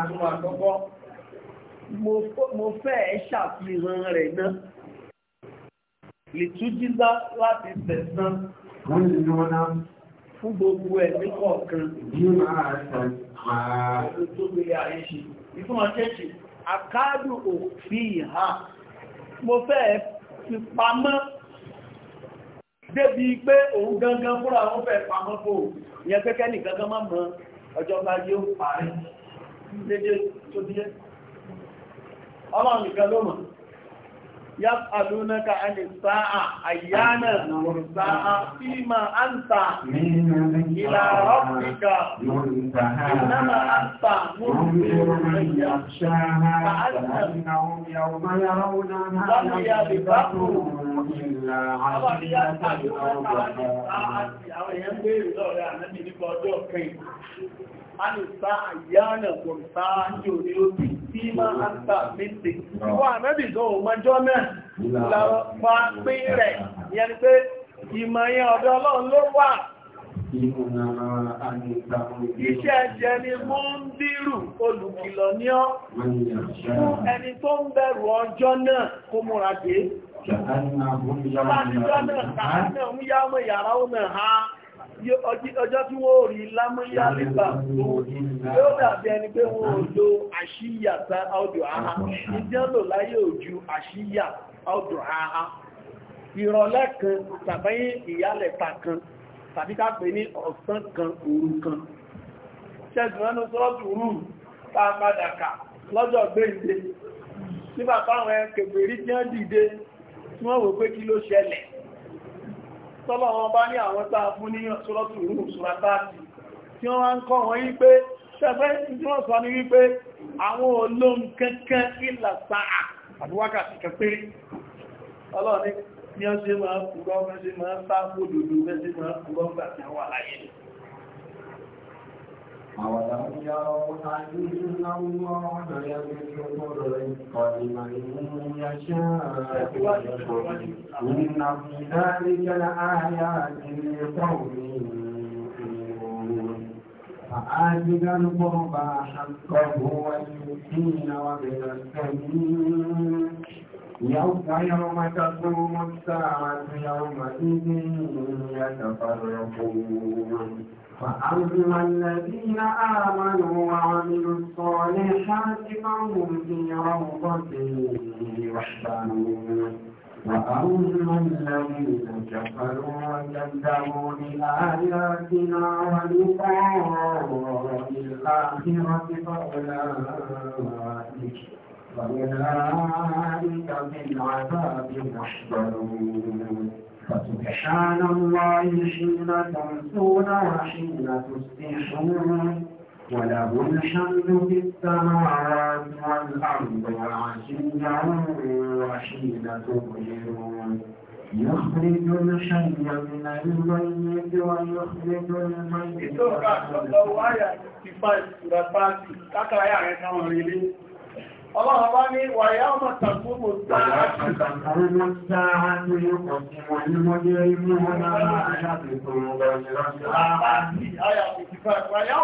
mo fẹ́ ṣàfihàn rẹ̀ náà lìtújízá láti tẹ̀sán fún gbogbo ẹ̀ ní kọ̀ọ̀kan ìfúnmọ̀ ṣẹ́ṣì àkádù òfin ìhà mo fẹ́ fi pamọ́ débi pé òun gangan fúnra wọn fẹ́ pamọ́ fò yẹn pé kẹ́ni gangan má mọ ọjọ́ bá yóò parí dédé tó díẹ̀ ọlọ́run nìkan ló mọ̀ يسألونك عن الساعة أيان مرساعة فيما أنت إلى ربك إنما أنت مرسل من يخشاها فأنهم يوم يرونها لم يبقوا إلا عزيزا أو ينبغي لو يعني نبي alùsá àyánà kòrùsá ní òní òbí tí máa ń tà mítì. Wọ́n àmẹ́bì tó ò mọjọ́ náà lọ pa pín rẹ̀ yẹn pé ìmọ̀ yẹn ọ̀dọ̀ ọlọ́run ló wà. Iṣẹ́ jẹ ni mú ń dírù olùkìlọ̀ ní ọ́. Ẹni tó ń bẹ̀rù ọjọ́ náà kó múra dé. Ṣàtàrí náà bó náà. Ṣàtàrí náà ń yára ó náà ha ọjọ́ tí wọ́n rí lámúyà nípa yóò dàbí ẹni pé wọ́n lo àṣíyà tá ọdọ̀ àhá ìjẹ́ lò láyé òjú àṣíyà ọdọ̀ àhá ìrọ̀lẹ́ kan tàbí ìyálẹ̀ta kan tàbí ká pè ní ọ̀sán kan òru kan ṣẹ́gbẹ̀rẹ́nu sọ́ọ̀tù rú pàpàdàkà lọ́jọ́ gbéǹde nígbà táwọn ẹkẹ̀gbèrí tí wọ́n dìde tí wọ́n wò pé kí ló ṣẹlẹ̀ tọ́lọ̀ wọn bá ní àwọn tàà fún ní ṣúrọ́tù rúrù ṣúra tí wọ́n wá ń kọ́ wọn wípé ṣẹfẹ́ tí wọ́n sọ ní wípé àwọn olóhun kankan ìlà sáà àbí wákàtí kan أولم يروا أن الله يبسط الرزق لمن يشاء ويقدر إن في ذلك لآيات لقوم يؤمنون فآت ذا القربى حقه والمسكين وابن السبيل يوم يوم تقوم الساعة يومئذ يتفرقون فأما الذين آمنوا وعملوا الصالحات فهم في روضة يحسنون وأما الذين كفروا وكذبوا بآياتنا ولقاء الآخرة فأولئك فأولئك في العذاب محضرون فسبحان الله حين تمسون وحين تصبحون وله الحمد في السماوات والأرض وعشيا وحين تظهرون يخرج الحي من الميت ويخرج الميت من الحي Ọlọ́run bá ní wàyá ọmọ tàbí mo sáà. Wàyá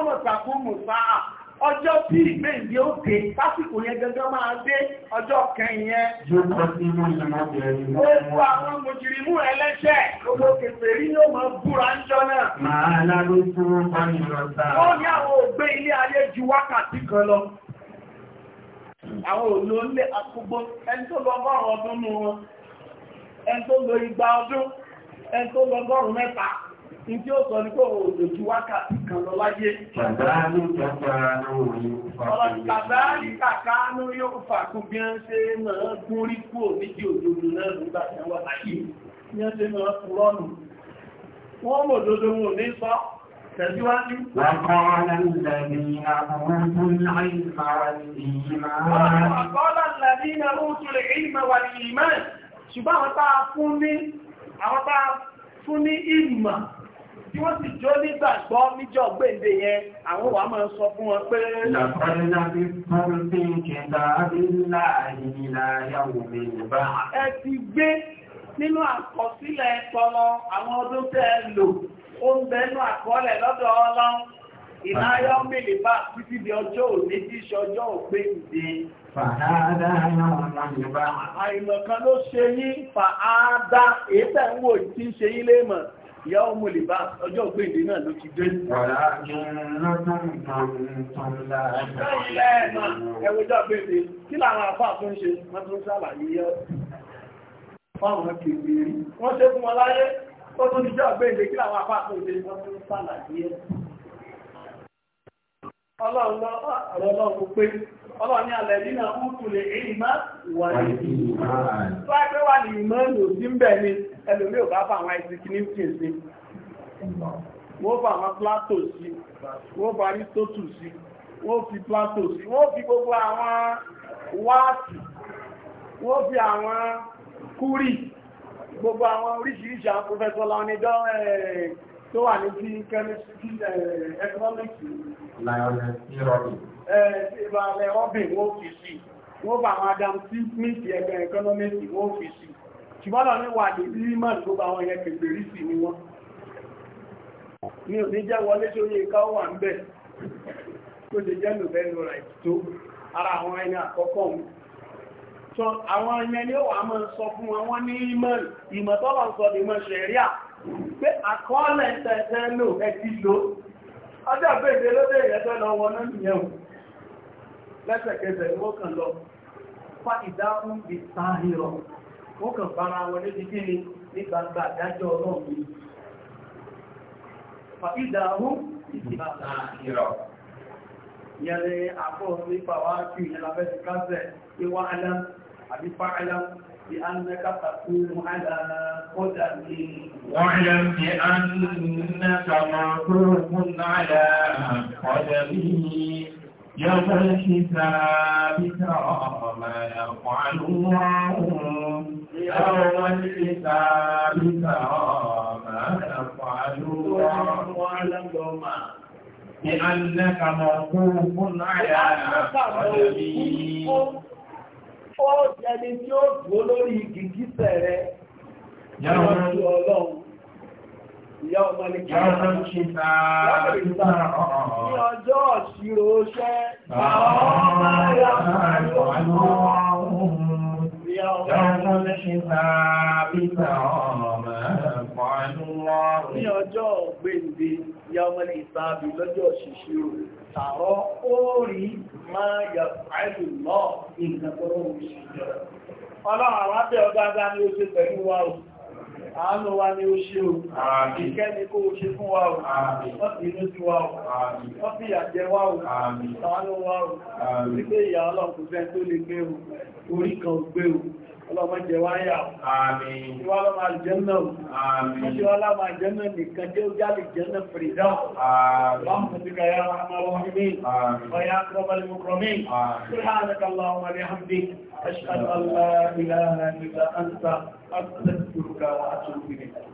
ọmọ tàbí mo sáà. Ọjọ́ tí ìgbéǹdé òkè lásìkò yẹn gẹ́gẹ́ máa dé ọjọ́ kẹyìn yẹn. Gbogbo àwọn mòjìrìmú ẹlẹ́ṣẹ̀ gbogbo kèfèrí yóò máa búra ń jọ náà. Màá lárúkú wọn ní àwọn ògbé ilé ayé ju wákàtí kan àwọn òlò lé àkúgbó ẹni tó lọ ọgọ́rùn ọdún ẹni tó lọ igba ọdún mẹ́ta ní tí ó sọ ní pé òjò ju wákàtí láyé tàbí kàkánú yóò fàkú bí wọ́n ṣe máa gún rí وقال الذين أوتوا العلم والإيمان وقال الذين أوتوا العلم والإيمان ṣùgbọ́n àwọn tàà fún ní àwọn tàà fún ní ìmọ̀ tí wọ́n sì jó nígbàgbọ́ níjọ́ gbèǹde yẹn àwọn wà máa sọ fún wọn pé lọ́pọ̀lọ́nà fi fún bí kẹta nílá ìlà yàwó mẹ́lẹ̀bá ẹ ti gbé nínú àkọsílẹ̀ ẹ̀kọ́ àwọn ọdún tẹ́ lò ó ń bẹnu àkọọ́lẹ̀ lọ́dọ̀ ọlọ́run ìnáyọ́ mìlì bá títí di ọjọ́ òní tí ṣọjọ́ òpé ìdí. Fàádá àìmọ̀kan ló ṣe yí fàádá èébẹ̀ ń wò tí ń ṣe yí léèmọ̀ ìyá ọmọ lè bá ọjọ́ òpé ìdí náà ló ti dé. Ọ̀rá ó tún níjọ́ àgbẹ́ǹde kí àwọn apá àpò ìdè wọn ẹ̀. ọlọ́run pé ní alẹ́ nínú àwọn èyí má wà ní ìmọ̀ tó wá wà ní ìmọ̀ lò sí ni ẹlòmí ò bá àwọn àìsí kí ní kí sí wọ́n àwọn plato sí wọ́n gbogbo àwọn oríṣiríṣi àwọn professor láwọnidọ́ eh, tó wà ní bí chemistry economics wọ́n fi sí ṣùgbọ́n lọ ní wà ní rímọ̀ tó bá wọn yẹ kègbèrí sí ni wọ́n ní ò jẹ́ wọlé tó yẹ ká wà ń bẹ̀ tó ṣe jẹ́ nobel right tó ara àwọn ẹni àkọ́kọ́ mi so àwọn ẹ̀yẹn ni ó wà máa sọ fún wọn wọ́n ní ìmọ̀lì ìmọ̀tọ́lọ̀ sọ lè mọ̀ ṣẹ̀ríà pé àkọọ́lẹ̀ tẹ̀tẹ̀ lò ẹ ti lò ọjọ́ ìbéèrè lóde ìyẹ́tọ́ lọ wọn náà nìyẹn o lẹ́sẹ̀kẹsẹ̀ ni wọ́n kàn lọ fa ìdáhùn bí sáhìrọ̀ wọ́n kàn bára wọn níbi kí ni ní gbangba àdájọ́ ọlọ́run fa ìdáhùn bí sáhìrọ̀ yẹn ni àbọ̀ nípa wá sí ìyẹn lábẹ́ ti kásẹ̀ ìwà alẹ́ àbí fáìlá بأنك a على mẹ́kàtà واعلم بأنك kọjá على wọ́nlẹ̀ يوم الحساب ترى ما يفعل الله يوم الحساب ترى ما يفعل الله واعلم بأنك موقوف على قدمي fọ́ọ̀tì ẹni tí ó dúró lórí gìgísẹ̀ rẹ̀ níwájú ọlọ́run ìyá ọmọ ní kí wọ́n ṣe ní ọjọ́ ìṣirò ṣẹ́ Ní ọjọ́ gbèǹde yàmọ́ ìsáàbì lọ́jọ́ ṣìṣirò tààrọ orí máa yà àìlú lọ ìgbàgbọ́rọ̀ òṣìṣẹ́ ọlọ́run àwọn abẹ́ ọgbàgbà ni ó ṣe pẹ̀lú wa o àánú wa ni ó ṣe o ìkẹ́ni kó ṣe fún wa o wọ́n ti inú sí wa o wọ́n fi wa o àánú wa o wípé ìyà ọlọ́run fẹ́ tó lè gbé o orí kan gbé o ọlọ́mọ امين wáyà ìwà ọlọ́mọ àjẹ́nà ìwà ọlọ́mọ àjẹ́nà nìkan jẹ́ òjálì jẹ́nà fìrìdá اللهم بك يا رحمة الرحمين ويا أكرم المكرمين سبحانك اللهم بحمدك أشهد أن لا إله إلا أنت أستغفرك وأتوب إليك